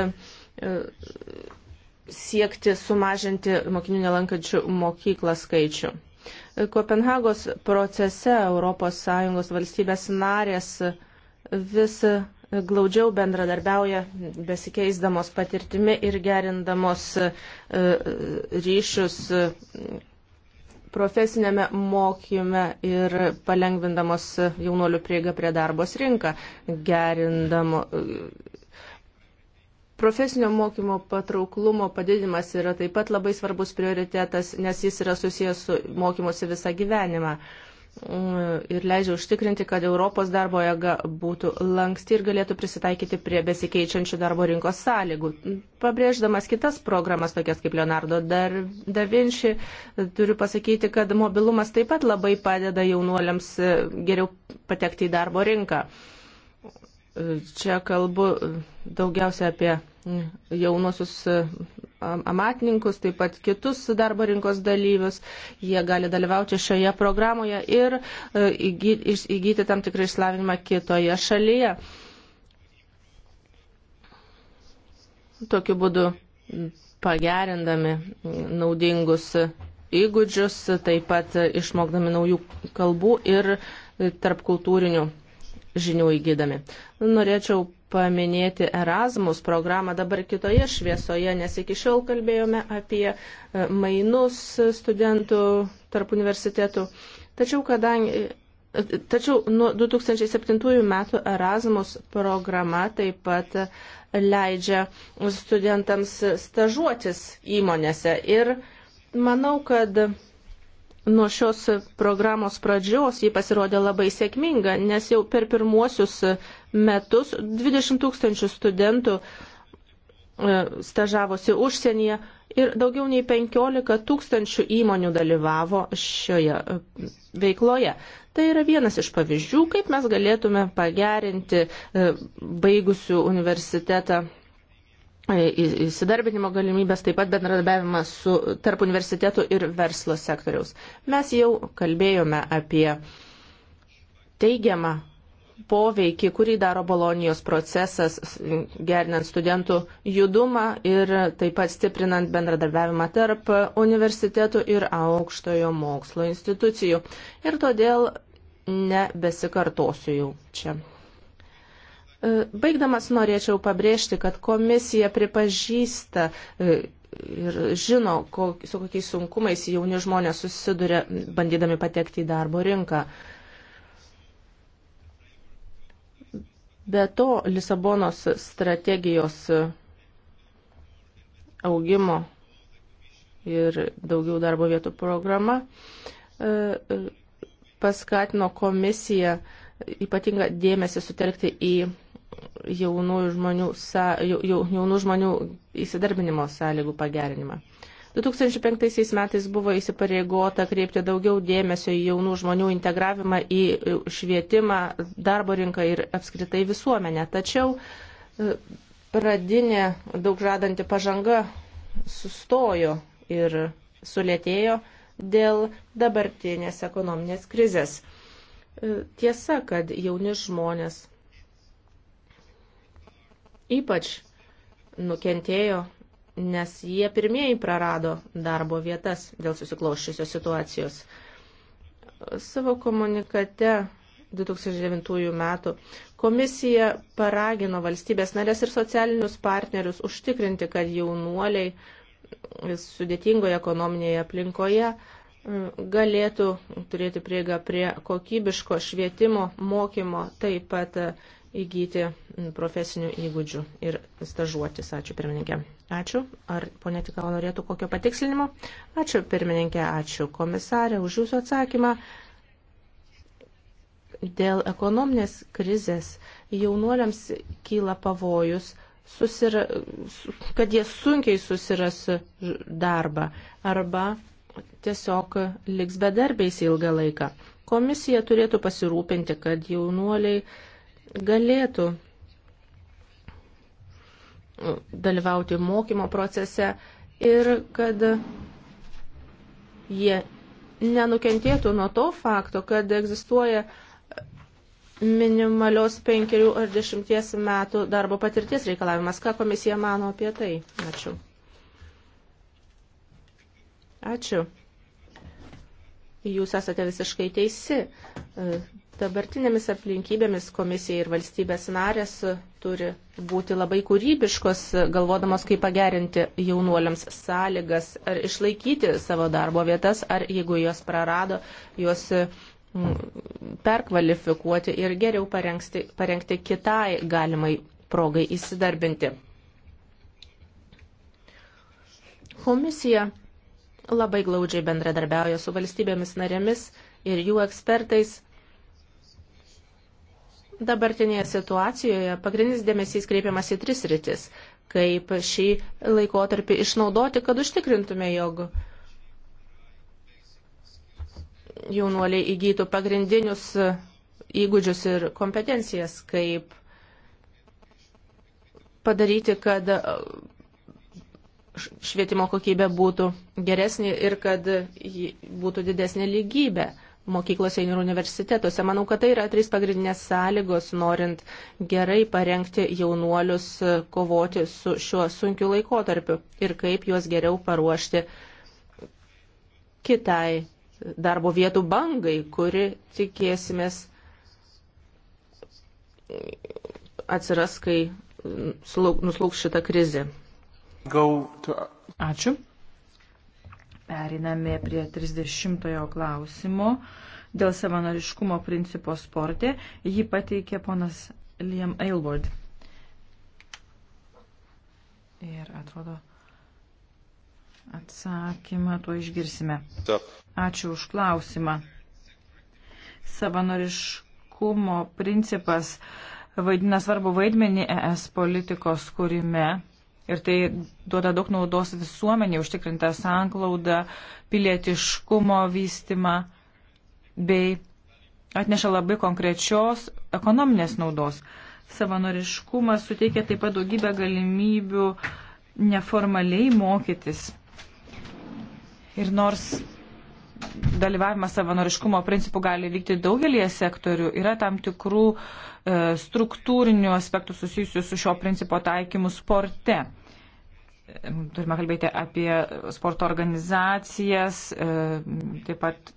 siekti sumažinti mokinių nelankančių mokyklą skaičių. Kopenhagos procese ES valstybės narės vis glaudžiau bendradarbiauja, besikeisdamos patirtimi ir gerindamos e, ryšius e, profesinėme mokyme ir palengvindamos jaunuolių prieigą prie darbos rinką, gerindamo, Profesinio mokymo patrauklumo padidinimas yra taip pat labai svarbus prioritetas, nes jis yra susijęs su mokymosi visą gyvenimą mm, ir leidžia užtikrinti, kad Europos darbo jėga būtų lanksti ir galėtų prisitaikyti prie besikeičiančių darbo rinkos sąlygų. Pabrėždamas kitas programas, tokias kaip Leonardo Dar, da Vinci, turiu pasakyti, kad mobilumas taip pat labai padeda jaunuoliams e, geriau patekti į darbo rinką. E, čia kalbu daugiausia apie jaunuosius e, amatininkus, taip pat kitus darbo rinkos dalyvius. Jie gali dalyvauti šioje programoje ir e, įgyti tam tikrą išslavinimą kitoje šalyje. Tokiu būdu pagerindami naudingus įgūdžius, taip pat išmokdami naujų kalbų ir tarpkultūrinių žinių įgydami. Norėčiau paminėti Erasmus programą dabar kitoje šviesoje, nes iki šiol kalbėjome apie e, mainus studentų tarp universitetų. Tačiau, kadangi, e, tačiau nuo 2007 metų Erasmus programa taip pat leidžia studentams stažuotis įmonėse ir manau, kad nuo šios programos pradžios ji pasirodė labai sėkminga, nes jau per pirmuosius metus 20 tūkstančių studentų e, stažavosi užsienyje ir daugiau nei 15 tūkstančių įmonių dalyvavo šioje e, veikloje. Tai yra vienas iš pavyzdžių, kaip mes galėtume pagerinti e, baigusių universitetą įsidarbinimo galimybės, taip pat bendradarbiavimas su, tarp universitetų ir verslo sektoriaus. Mes jau kalbėjome apie teigiamą poveikį, kurį daro Bolonijos procesas, gerinant studentų judumą ir taip pat stiprinant bendradarbiavimą tarp universitetų ir aukštojo mokslo institucijų. Ir todėl nebesikartosiu jau čia E, baigdamas norėčiau pabrėžti, kad komisija pripažįsta e, ir žino, kok, su kokiais sunkumais jauni žmonės susiduria bandydami patekti į darbo rinką. Be to, Lisabonos strategijos augimo ir daugiau darbo vietų programa e, paskatino komisiją ypatingą dėmesį sutelkti į jaunų žmonių, sa, jaunų žmonių įsidarbinimo sąlygų pagerinimą. 2005 metais buvo įsipareigota kreipti daugiau dėmesio į jaunų žmonių integravimą į švietimą, darbo rinką ir apskritai visuomenę. Tačiau e, pradinė daug žadanti pažanga sustojo ir sulėtėjo dėl dabartinės ekonominės krizės. E, tiesa, kad jauni žmonės ypač nukentėjo, nes jie pirmieji prarado darbo vietas dėl susikloščiusios situacijos. Savo komunikate 2009 metų komisija paragino valstybės narės ir socialinius partnerius užtikrinti, kad jaunuoliai sudėtingoje ekonominėje aplinkoje mm, galėtų turėti prieigą prie kokybiško švietimo, mokymo, taip pat įgyti profesinių įgūdžių ir stažuotis. Ačiū, pirmininkė. Ačiū. Ar ponė Tikau norėtų kokio patikslinimo? Ačiū, pirmininkė. Ačiū, komisarė, už jūsų atsakymą. Dėl ekonominės krizės jaunuoliams kyla pavojus, susira, kad jie sunkiai susiras darbą arba tiesiog liks bedarbiais ilgą laiką. Komisija turėtų pasirūpinti, kad jaunuoliai galėtų dalyvauti mokymo procese ir kad jie nenukentėtų nuo to fakto, kad egzistuoja minimalios penkerių ar dešimties metų darbo patirties reikalavimas. Ką komisija mano apie tai? Ačiū. Ačiū. Jūs esate visiškai teisi. Dabartinėmis aplinkybėmis komisija ir valstybės narės turi būti labai kūrybiškos, galvodamos, kaip pagerinti jaunuoliams sąlygas, ar išlaikyti savo darbo vietas, ar jeigu jos prarado, juos mm, perkvalifikuoti ir geriau parengti, parengti kitai galimai progai įsidarbinti. Komisija labai glaudžiai bendradarbiauja su valstybėmis narėmis ir jų ekspertais Dabartinėje situacijoje pagrindinis dėmesys kreipiamas į tris rytis, kaip šį laikotarpį išnaudoti, kad užtikrintume, jog jaunuoliai įgytų pagrindinius įgūdžius ir kompetencijas, kaip padaryti, kad švietimo kokybė būtų geresnė ir kad būtų didesnė lygybė mokyklose ir universitetuose. Manau, kad tai yra trys pagrindinės sąlygos, norint gerai parengti jaunuolius e, kovoti su šiuo sunkiu laikotarpiu ir kaip juos geriau paruošti kitai darbo vietų bangai, kuri tikėsimės atsiras, kai nuslauks šitą krizę. To... Ačiū. Periname prie 30 klausimo dėl savanoriškumo principo sportė. Jį pateikė ponas Liam Aylward. Ir atrodo, atsakymą tuo išgirsime. Ačiū už klausimą. Savanoriškumo principas vaidina svarbu vaidmenį ES politikos kūrime ir tai duoda daug naudos visuomenė užtikrintą sanklaudą, pilietiškumo vystimą bei atneša labai konkrečios ekonominės naudos. Savanoriškumas suteikia taip pat daugybę galimybių neformaliai mokytis. Ir nors dalyvavimas savanoriškumo principų gali vykti daugelie sektorių, yra tam tikrų e, struktūrinių aspektų susijusių su šio principo taikymu sporte. Turime kalbėti apie sporto organizacijas, e, taip pat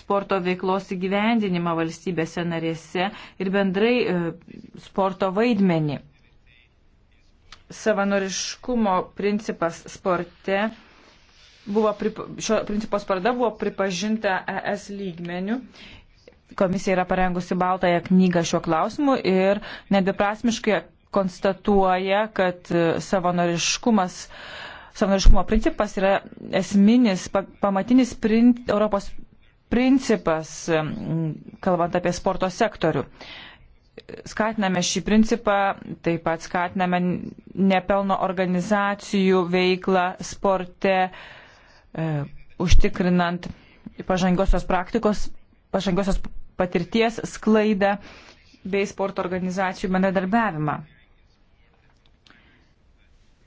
sporto veiklos įgyvendinimą valstybėse narėse ir bendrai e, sporto vaidmenį. Savanoriškumo principas sporte buvo, šio principo sparda buvo pripažinta ES lygmenių Komisija yra parengusi baltąją knygą šiuo klausimu ir nedviprasmiškai konstatuoja, kad e, savanoriškumas, savanoriškumo principas yra esminis, pamatinis prin, Europos principas, e, kalbant apie sporto sektorių skatiname šį principą, taip pat skatiname nepelno organizacijų veiklą sporte, e, užtikrinant pažangiosios praktikos, pažangiosios patirties sklaidą bei sporto organizacijų bendradarbiavimą.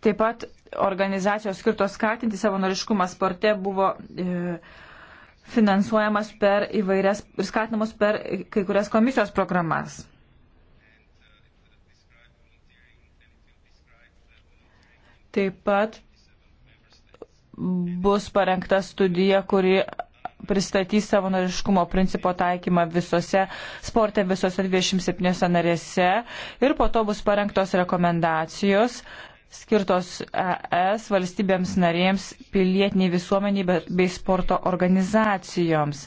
Taip pat organizacijos skirtos skatinti savanoriškumą sporte buvo e, finansuojamas per įvairias ir skatinamas per kai kurias komisijos programas. Taip pat bus parengta studija, kuri pristatys savanoriškumo principo taikymą visose sporte, visose 27 narėse ir po to bus parengtos rekomendacijos skirtos ES valstybėms narėms, pilietiniai visuomeniai bei sporto organizacijoms.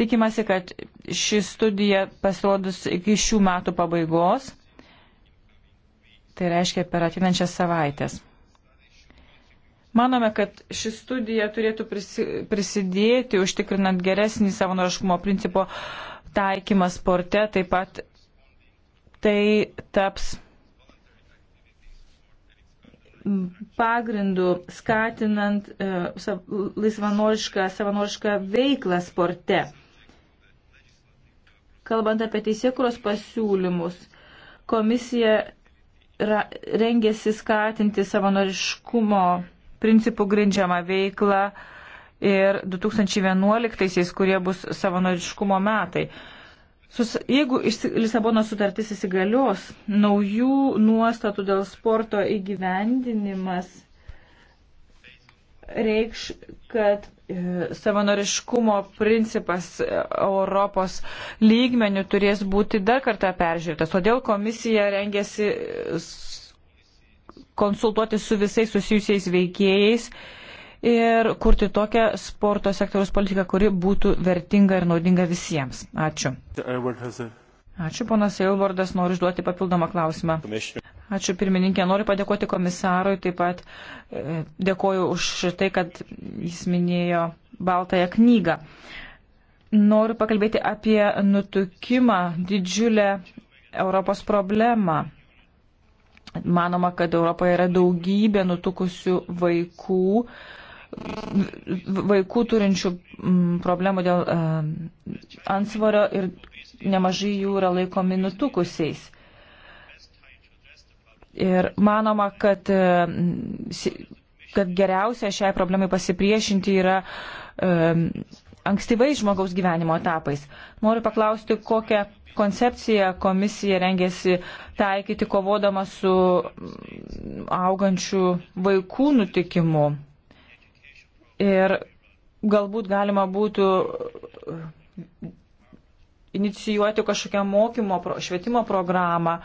Tikimasi, kad ši studija pasirodys iki šių metų pabaigos, tai reiškia per atinančias savaitės. Manome, kad ši studija turėtų prisidėti užtikrinant geresnį savanoriškumo principo taikymą sporte, taip pat tai taps pagrindų skatinant e, laisvanorišką, savanorišką veiklą sporte. Kalbant apie teisėkuros pasiūlymus, komisija rengėsi skatinti savanoriškumo principų grindžiamą veiklą ir 2011-aisiais, kurie bus savanoriškumo metai. Sus, jeigu Lisabono sutartis įsigalios, naujų nuostatų dėl sporto įgyvendinimas reikš, kad e, savanoriškumo principas e, Europos lygmenių turės būti dar kartą peržiūrėtas. Todėl komisija rengėsi konsultuoti su visais susijusiais veikėjais ir kurti tokią sporto sektoriaus politiką, kuri būtų vertinga ir naudinga visiems. Ačiū. Ačiū, ponas Eilvardas, noriu užduoti papildomą klausimą. Ačiū, pirmininkė, noriu padėkoti komisarui, taip pat e, dėkoju už tai, kad jis minėjo Baltąją knygą. Noriu pakalbėti apie nutukimą, didžiulę Europos problemą. Manoma, kad Europoje yra daugybė nutukusių vaikų, vaikų turinčių mm, problemų dėl e, ansvario ir nemažai jų yra laikomi nutukusiais. Ir manoma, kad, e, kad geriausia šiai problemai pasipriešinti yra e, ankstyvais žmogaus gyvenimo etapais. Noriu paklausti, kokią koncepciją komisija rengėsi taikyti kovodama su mm, augančių vaikų nutikimu. Ir galbūt galima būtų inicijuoti kažkokią mokymo, švietimo programą,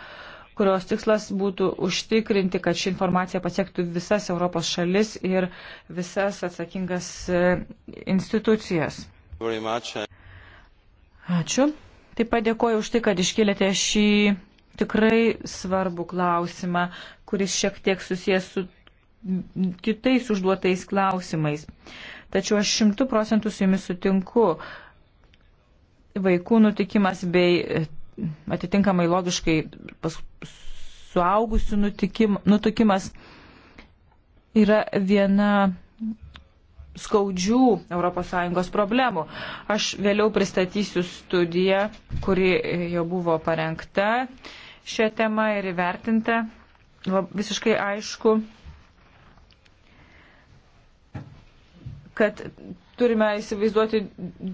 kurios tikslas būtų užtikrinti, kad ši informacija pasiektų visas Europos šalis ir visas atsakingas e, institucijas. Ačiū. Taip pat dėkoju už tai, kad iškėlėte šį tikrai svarbų klausimą, kuris šiek tiek susijęs su kitais užduotais klausimais. Tačiau aš šimtų procentų su jumis sutinku. Vaikų nutikimas bei e, atitinkamai logiškai pas, suaugusių nutikim, nutikimas yra viena skaudžių ES problemų. Aš vėliau pristatysiu studiją, kuri e, jau buvo parengta šią temą ir įvertinta. Visiškai aišku, kad turime įsivaizduoti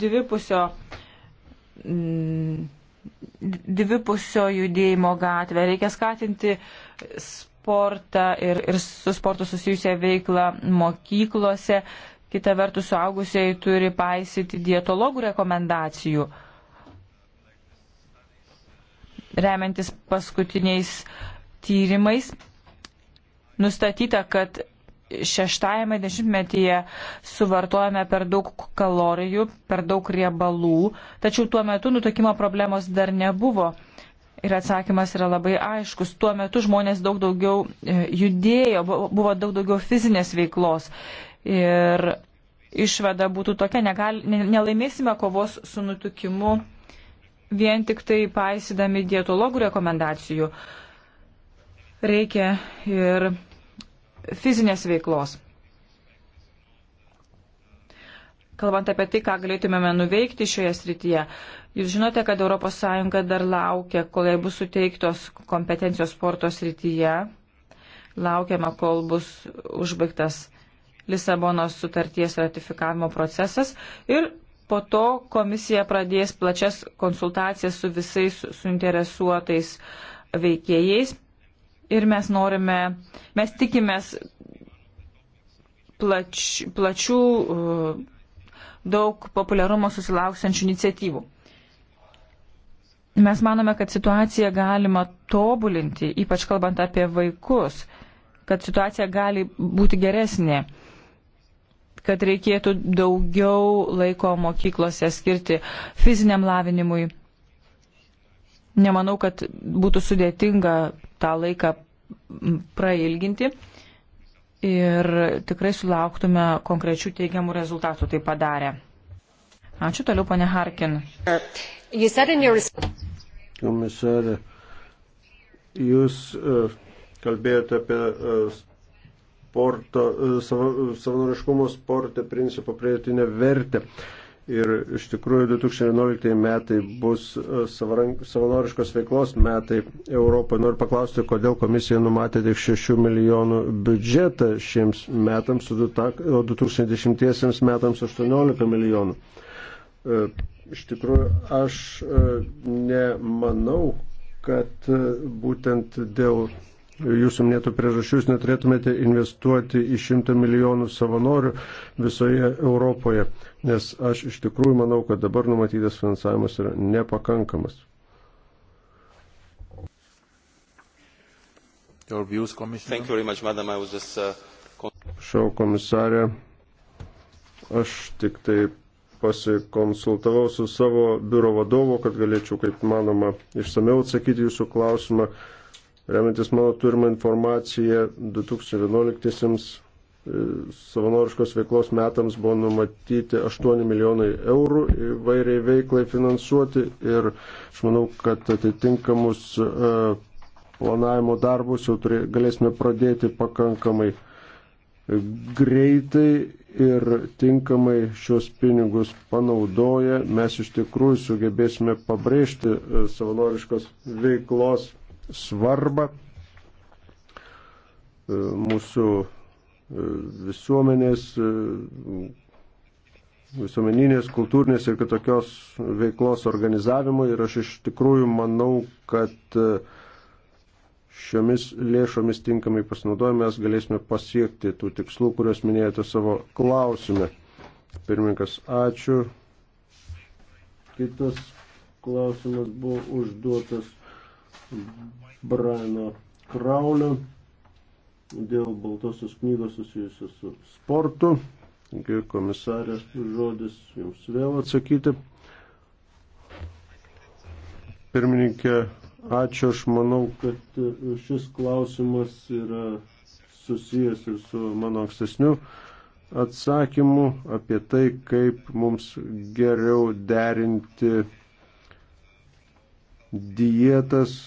dvipusio, mm, dvipusio judėjimo gatvę. Reikia skatinti sportą ir, ir su sportu susijusią veiklą mokyklose. Kita vertus, suaugusiai turi paisyti dietologų rekomendacijų. Remiantis paskutiniais tyrimais, nustatyta, kad šeštajame dešimtmetyje suvartojame per daug kalorijų, per daug riebalų, tačiau tuo metu nutukimo problemos dar nebuvo. Ir atsakymas yra labai aiškus. Tuo metu žmonės daug daugiau e, judėjo, buvo daug daugiau fizinės veiklos. Ir išvada būtų tokia, negal, nelaimėsime kovos su nutukimu vien tik tai paisydami dietologų rekomendacijų. Reikia ir fizinės veiklos. Kalbant apie tai, ką galėtumėme nuveikti šioje srityje, jūs žinote, kad ES dar laukia, kol jai bus suteiktos kompetencijos sporto srityje, laukiama, kol bus užbaigtas Lisabonos sutarties ratifikavimo procesas ir po to komisija pradės plačias konsultacijas su visais suinteresuotais veikėjais ir mes norime, mes tikimės plač, plačių, uh, daug populiarumo susilauksiančių iniciatyvų. Mes manome, kad situaciją galima tobulinti, ypač kalbant apie vaikus, kad situacija gali būti geresnė, kad reikėtų daugiau laiko mokyklose skirti fiziniam lavinimui Nemanau, kad būtų sudėtinga tą laiką prailginti ir tikrai sulauktume konkrečių teigiamų rezultatų tai padarę. Ačiū toliau, ponė Harkin. Komisarė, jūs e, kalbėjote apie e, sporto, e, savanoriškumo sportą, principą prietinę vertę ir iš tikrųjų 2011 metai bus e, savarank, savanoriškos veiklos metai Europoje. Noriu paklausti, kodėl komisija numatė tik 6 milijonų biudžetą šiems metams, o 2010 metams 18 milijonų. E, iš tikrųjų, aš e, nemanau, kad būtent dėl jūsų minėtų priežasčių jūs neturėtumėte investuoti į šimtą milijonų savanorių visoje Europoje, nes aš iš tikrųjų manau, kad dabar numatytas finansavimas yra nepakankamas. Uh, Šau komisarė, aš tik tai pasikonsultavau su savo biuro vadovu, kad galėčiau kaip manoma išsameu atsakyti jūsų klausimą. Remiantis mano turimą informaciją, 2011 e, savanoriškos veiklos metams buvo numatyti 8 milijonai eurų įvairiai veiklai finansuoti ir aš manau, kad atitinkamus e, planavimo darbus jau turė, galėsime pradėti pakankamai greitai ir tinkamai šios pinigus panaudoja, mes iš tikrųjų sugebėsime pabrėžti e, savanoriškos veiklos svarbą e, mūsų e, visuomenės, e, visuomeninės, kultūrinės ir kitokios veiklos organizavimui. Ir aš iš tikrųjų manau, kad šiomis lėšomis tinkamai pasinaudojame, mes galėsime pasiekti tų tikslų, kuriuos minėjote savo klausime. Pirmininkas, ačiū. Kitas klausimas buvo užduotas Briano Kraulio dėl Baltosios knygos susijusios su sportu. Taigi, komisarė, žodis jums vėl atsakyti. Pirmininkė, ačiū, aš manau, kad šis klausimas yra susijęs ir su mano ankstesniu atsakymu apie tai, kaip mums geriau derinti dietas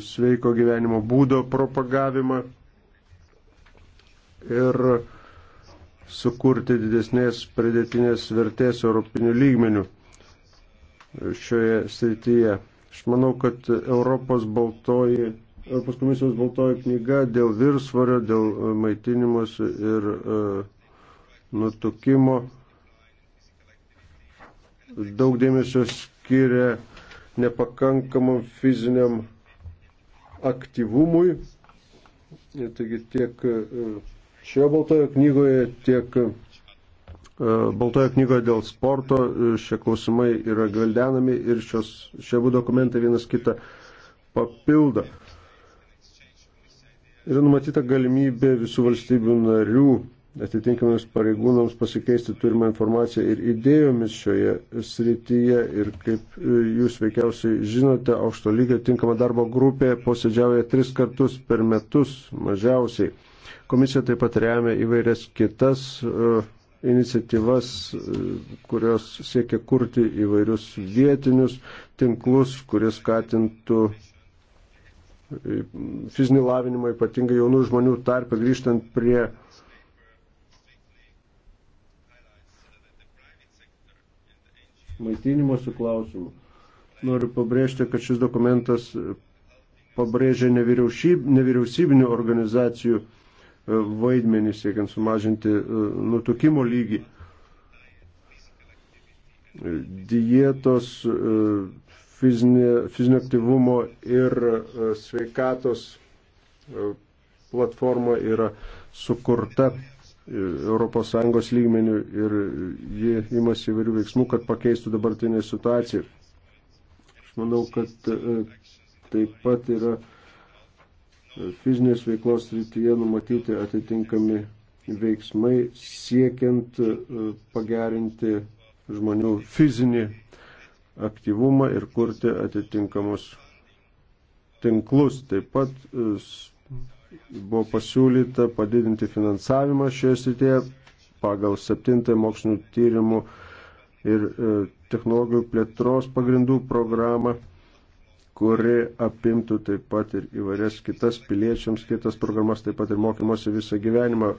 sveiko gyvenimo būdo propagavimą ir sukurti didesnės pridėtinės vertės europinių lygmenių šioje srityje. Aš manau, kad Europos, baltoji, Europos komisijos baltoji knyga dėl virsvario, dėl maitinimus ir e, nutukimo daug dėmesio skiria nepakankamam fiziniam aktyvumui. Taigi tiek e, šioje baltojo knygoje, tiek e, baltojo knygoje dėl sporto e, šie klausimai yra gvildenami ir šios, šie abu dokumentai vienas kitą papildo. Yra numatyta galimybė visų valstybių narių atitinkamiems pareigūnams pasikeisti turimą informaciją ir idėjomis šioje srityje. Ir kaip e, jūs veikiausiai žinote, aukšto lygio tinkama darbo grupė posėdžiauja tris kartus per metus mažiausiai. Komisija taip pat remia įvairias kitas e, iniciatyvas, e, kurios siekia kurti įvairius vietinius tinklus, kurie skatintų fizinį lavinimą, ypatingai jaunų žmonių tarpę grįžtant prie maitinimuose klausimų. Noriu pabrėžti, kad šis dokumentas pabrėžia nevyriausyb, nevyriausybinių organizacijų e, vaidmenį siekiant sumažinti e, nutukimo lygį. Dietos, e, fizinio, fizinio aktyvumo ir sveikatos platforma yra sukurta ES lygmenių ir jie imasi įvairių veiksmų, kad pakeistų dabartinę situaciją. Aš manau, kad e, taip pat yra e, fizinės veiklos rytyje numatyti atitinkami veiksmai siekiant e, pagerinti žmonių fizinį aktyvumą ir kurti atitinkamus tinklus. Taip pat buvo pasiūlyta padidinti finansavimą šioje srityje pagal 7 mokslinių tyrimų ir e, technologijų plėtros pagrindų programą, kuri apimtų taip pat ir įvairias kitas piliečiams, kitas programas, taip pat ir mokymosi visą gyvenimą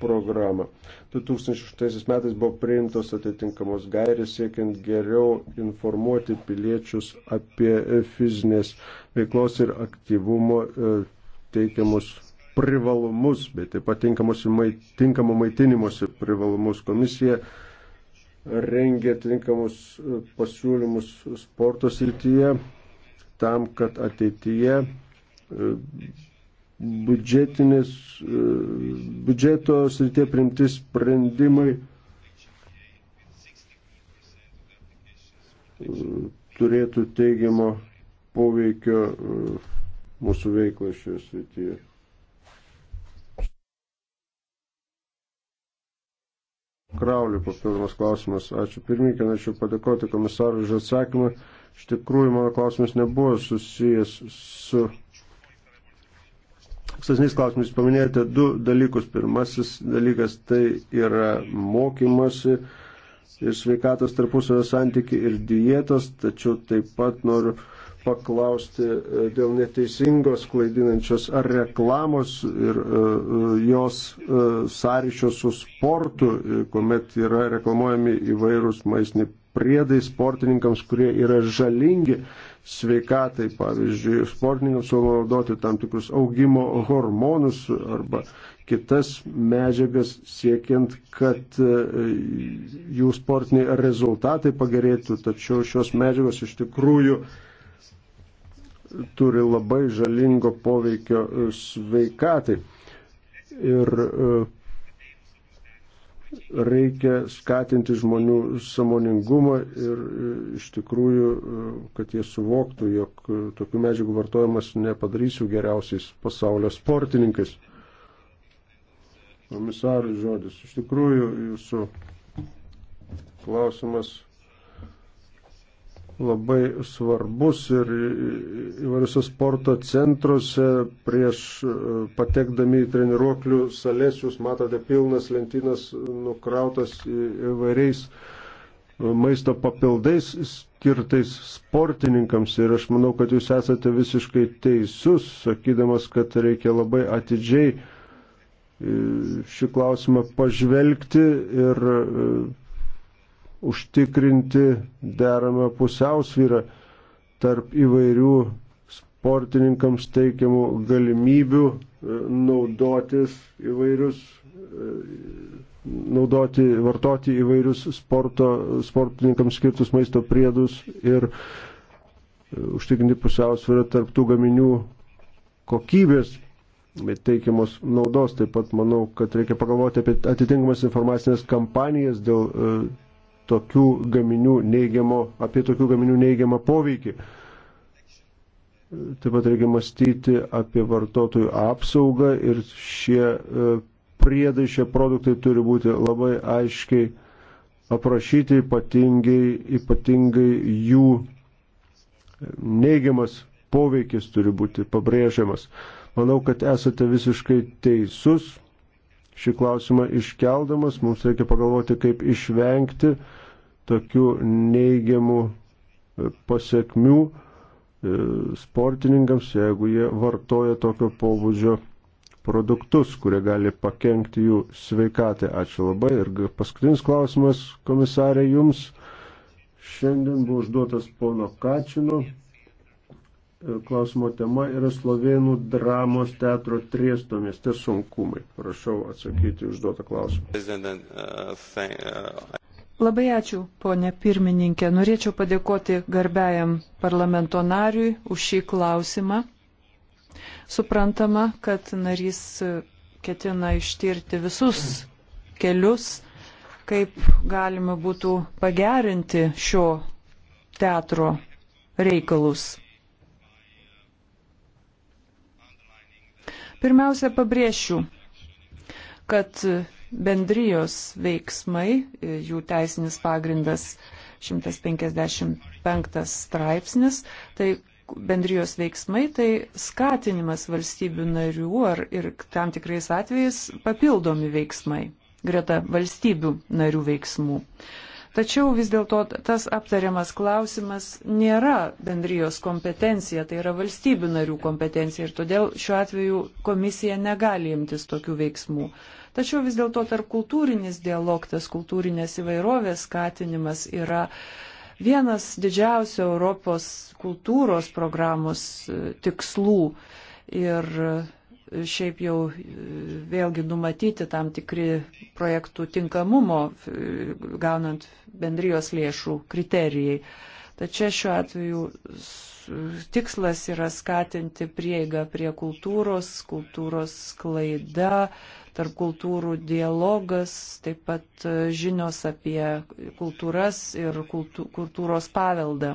programą. 2006 metais buvo priimtos atitinkamos gairės siekiant geriau informuoti piliečius apie fizinės veiklos ir aktyvumo e, teikiamus privalumus, bet taip pat mait, tinkamų maitinimuose privalumus. Komisija rengia tinkamus e, pasiūlymus sporto srityje tam, kad ateityje e, biudžetinės, e, biudžeto srityje primti sprendimai turėtų teigiamo poveikio mūsų veiklą šioje srityje. Kraulį papildomas klausimas. Ačiū pirmininkė, norėčiau padėkoti komisarui už atsakymą. Iš tikrųjų, mano klausimas nebuvo susijęs su. Aksesniais klausimais paminėjote du dalykus. Pirmasis dalykas tai yra mokymasi ir sveikatos tarpusavio santyki ir dietos, tačiau taip pat noriu paklausti e, dėl neteisingos klaidinančios ar reklamos ir e, e, jos sąryšio su sportu, kuomet yra reklamuojami įvairūs maisni priedai sportininkams, kurie yra žalingi sveikatai. Pavyzdžiui, sportininkams siūloma naudoti tam tikrus augimo hormonus arba kitas medžiagas siekiant, kad jų sportiniai rezultatai pagerėtų, tačiau šios medžiagos iš tikrųjų uh, turi labai žalingo poveikio sveikatai. Ir e, reikia skatinti žmonių samoningumą ir e, iš tikrųjų, e, kad jie suvoktų, jog tokių medžiagų vartojimas nepadarys jų geriausiais pasaulio sportininkais. Komisarui žodis. Iš tikrųjų, jūsų klausimas labai svarbus ir įvairiuose sporto centruose prieš e, patekdami į treniruoklių sales jūs matote pilnas lentynas nukrautas įvairiais e, maisto papildais skirtais sportininkams ir aš manau, kad jūs esate visiškai teisus, sakydamas, kad reikia labai atidžiai e, šį klausimą pažvelgti ir užtikrinti deramą pusiausvyrą tarp įvairių sportininkams teikiamų galimybių e, naudotis įvairius, e, naudoti, vartoti įvairius sporto, sportininkams skirtus maisto priedus ir e, užtikrinti pusiausvyrą tarp tų gaminių kokybės bet teikiamos naudos. Taip pat manau, kad reikia pagalvoti apie atitinkamas informacinės kampanijas dėl tokių gaminių neigiamo, apie tokių gaminių neigiamą poveikį. Taip pat reikia mąstyti apie vartotojų apsaugą ir šie e, priedai, šie produktai turi būti labai aiškiai aprašyti, ypatingai, ypatingai jų neigiamas poveikis turi būti pabrėžiamas. Manau, kad esate visiškai teisus, šį klausimą iškeldamas. Mums reikia pagalvoti, kaip išvengti tokių neigiamų e, pasiekmių e, sportininkams, jeigu jie vartoja tokio pobūdžio produktus, kurie gali pakengti jų sveikatai. Ačiū labai. Ir paskutinis klausimas, komisarė, jums šiandien buvo užduotas pono Kačino. E, klausimo tema yra slovėnų dramos teatro Triesto mieste tai sunkumai. Prašau atsakyti užduotą klausimą. Uh, uh, Labai ačiū, ponė pirmininkė. Norėčiau padėkoti garbiajam parlamento nariui už šį klausimą. Suprantama, kad narys ketina ištirti visus kelius, kaip galima būtų pagerinti šio teatro reikalus. Pirmiausia, pabrėšiu, kad bendrijos veiksmai, jų teisinis pagrindas 155 straipsnis, tai bendrijos veiksmai tai skatinimas valstybių narių ar ir tam tikrais atvejais papildomi veiksmai greta valstybių narių veiksmų. Uh, Tačiau vis dėlto tas aptariamas klausimas nėra bendrijos kompetencija, tai yra valstybių narių kompetencija ir todėl šiuo atveju komisija negali imtis tokių veiksmų. Tačiau vis dėlto tarp kultūrinis dialogtas, kultūrinės įvairovės skatinimas yra vienas didžiausių Europos kultūros programos e, tikslų ir šiaip jau e, vėlgi numatyti tam tikri projektų tinkamumo, e, gaunant bendrijos lėšų kriterijai. Tačiau šiuo atveju tikslas yra skatinti prieigą prie kultūros, kultūros klaida, tarp kultūrų dialogas, taip pat e, žinios apie kultūras ir kultūros paveldą.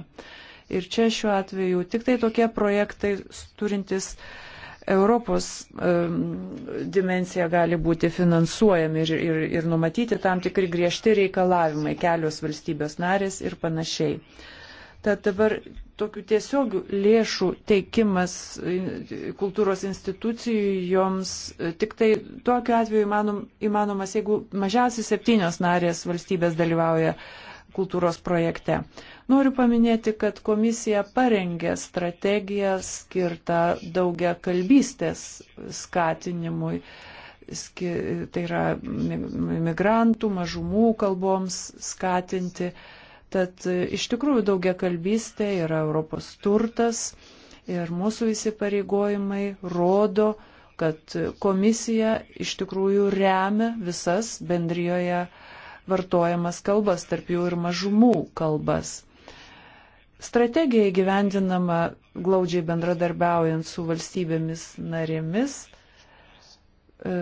Ir čia šiuo atveju tik tai tokie projektai turintis uh, Europos um, dimencija gali būti finansuojami ir, ir, ir numatyti tam tikri griežti reikalavimai kelios valstybės narės ir panašiai. Tad dabar tokių tiesiogių lėšų teikimas e, kultūros institucijoms e, tik tai tokiu atveju įmanom, įmanomas, jeigu mažiausiai septynios narės valstybės dalyvauja kultūros projekte. Uh, Noriu paminėti, kad komisija parengė strategiją skirtą daugia kalbystės skatinimui, tai yra migrantų, mažumų kalboms skatinti. Tad iš tikrųjų daugia kalbystė yra Europos turtas ir mūsų įsipareigojimai rodo, kad komisija iš tikrųjų remia visas bendrijoje vartojamas kalbas, tarp jų ir mažumų kalbas. Strategija įgyvendinama glaudžiai bendradarbiaujant su valstybėmis narėmis. E,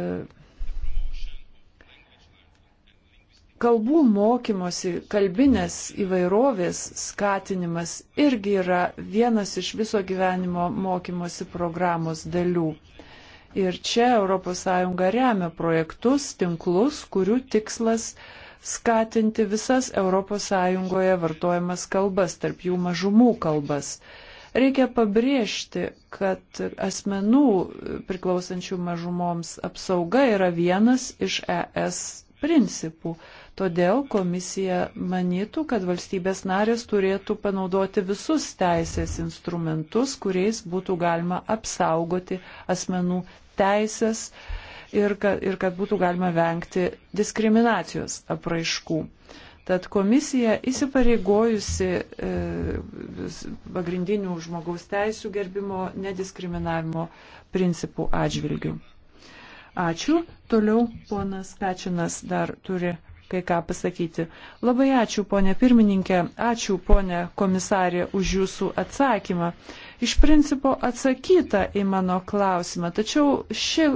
kalbų mokymosi, kalbinės įvairovės skatinimas irgi yra vienas iš viso gyvenimo mokymosi programos dalių. Ir čia ES remia projektus, tinklus, kurių tikslas uh, skatinti visas ES vartojamas kalbas, tarp jų mažumų kalbas. Reikia pabrėžti, kad asmenų priklausančių mažumoms apsauga yra vienas iš ES principų. Todėl komisija manytų, kad valstybės narės turėtų panaudoti visus teisės instrumentus, kuriais būtų galima apsaugoti asmenų teisės, uh, ir kad, ir kad būtų galima vengti diskriminacijos apraiškų. Tad komisija įsipareigojusi e, pagrindinių e, žmogaus teisų gerbimo nediskriminavimo principų atžvilgių. Ačiū. Toliau ponas Kačinas dar turi kai ką pasakyti. Labai ačiū, ponė pirmininkė, ačiū, ponė komisarė, už jūsų atsakymą. Iš principo atsakyta į mano klausimą, tačiau ši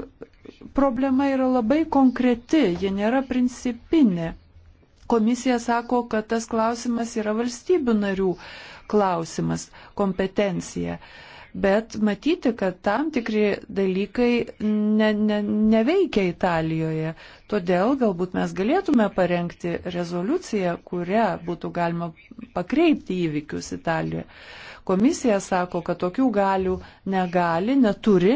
problema yra labai konkreti, ji nėra principinė. Komisija sako, kad tas klausimas yra valstybių narių klausimas, kompetencija. Bet matyti, kad tam tikri dalykai ne, ne, neveikia Italijoje. Todėl galbūt mes galėtume parengti rezoliuciją, kurią būtų galima pakreipti įvykius Italijoje. Komisija sako, kad tokių galių negali, neturi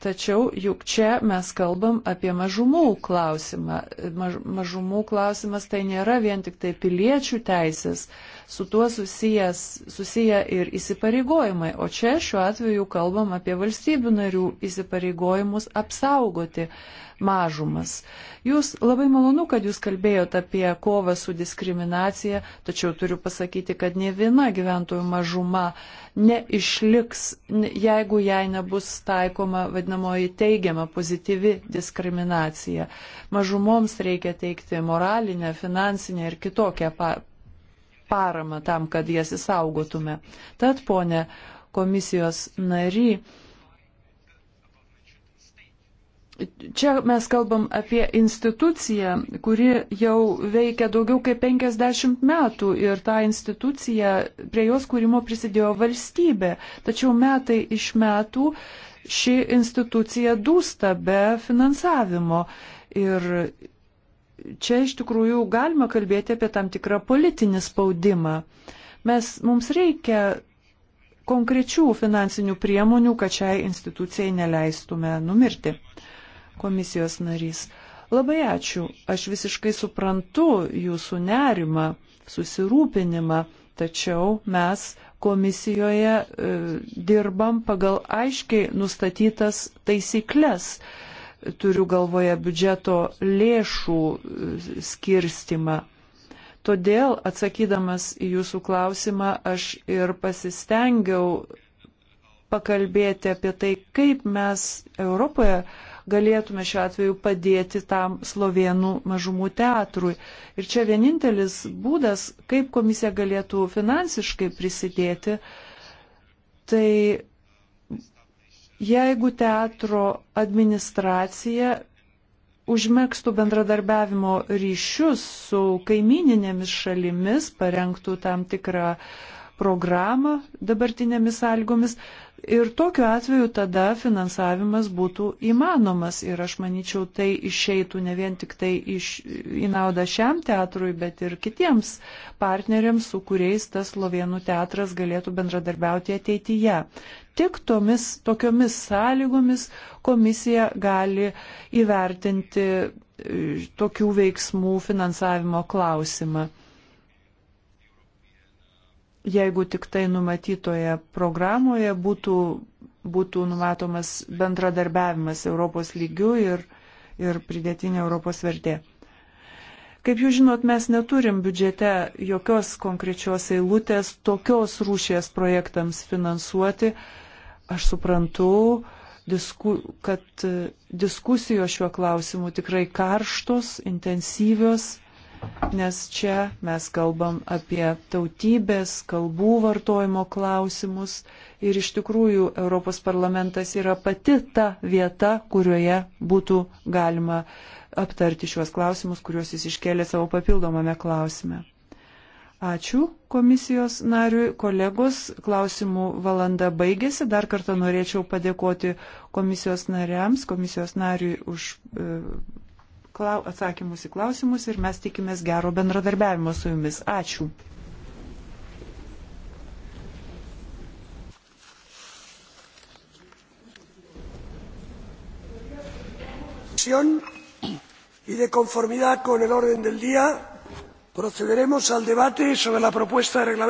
Tačiau juk čia mes kalbam apie mažumų klausimą. Maž, mažumų klausimas tai nėra vien tik tai piliečių teisės, su tuo susijęs, susiję ir įsipareigojimai. O čia šiuo atveju kalbam apie valstybių narių įsipareigojimus apsaugoti mažumas. Jūs labai malonu, kad jūs kalbėjote apie kovą su diskriminacija, tačiau turiu pasakyti, kad ne viena gyventojų mažuma neišliks, jeigu jai nebus taikoma vadinamoji teigiama pozityvi diskriminacija. Mažumoms reikia teikti moralinę, finansinę ir kitokią paramą tam, kad jas įsaugotume. Tad, ponė komisijos nary, Čia mes kalbam apie instituciją, kuri jau veikia daugiau kaip 50 metų ir ta institucija, prie jos kūrimo prisidėjo valstybė. Tačiau metai iš metų ši institucija dūsta be finansavimo. Ir čia iš tikrųjų galima kalbėti apie tam tikrą politinį spaudimą. Mes, mums reikia konkrečių finansinių priemonių, kad šiai institucijai neleistume numirti komisijos narys. Labai ačiū. Aš visiškai suprantu jūsų nerimą, susirūpinimą, tačiau mes komisijoje e, dirbam pagal aiškiai nustatytas taisyklės. Turiu galvoje biudžeto lėšų e, skirstimą. Todėl, atsakydamas į jūsų klausimą, aš ir pasistengiau pakalbėti apie tai, kaip mes Europoje uh, galėtume šiuo atveju padėti tam slovėnų mažumų teatrui. Ir čia vienintelis būdas, kaip komisija galėtų finansiškai prisidėti, tai jeigu teatro administracija užmėgstų bendradarbiavimo ryšius su kaimininėmis šalimis, parengtų tam tikrą uh, programą dabartinėmis sąlygomis ir tokiu atveju tada finansavimas būtų įmanomas ir aš manyčiau tai išeitų ne vien tik tai iš, į naudą šiam teatrui, bet ir kitiems partneriams, su kuriais tas Slovenų teatras galėtų bendradarbiauti ateityje. Tik tomis, tokiomis sąlygomis komisija gali įvertinti e, tokių veiksmų finansavimo klausimą jeigu tik tai numatytoje programoje būtų, būtų numatomas bendradarbiavimas Europos lygių ir, ir pridėtinė Europos vertė. Kaip jūs žinot, mes neturim biudžete jokios konkrečios eilutės tokios rūšies projektams finansuoti. Aš suprantu, disku, kad diskusijos šiuo klausimu tikrai karštos, intensyvios nes čia mes kalbam apie tautybės, kalbų vartojimo klausimus ir iš tikrųjų Europos parlamentas yra pati ta vieta, kurioje būtų galima aptarti šiuos klausimus, kuriuos jis iškėlė savo papildomame klausime. Ačiū komisijos nariui, kolegos, klausimų valanda baigėsi. Dar kartą norėčiau padėkoti komisijos nariams, komisijos nariui už. E, atsakymus į klausimus ir mes tikimės gero bendradarbiavimo su jumis. Ačiū. y de conformidad con el orden del día procederemos al debate sobre la propuesta de reglamento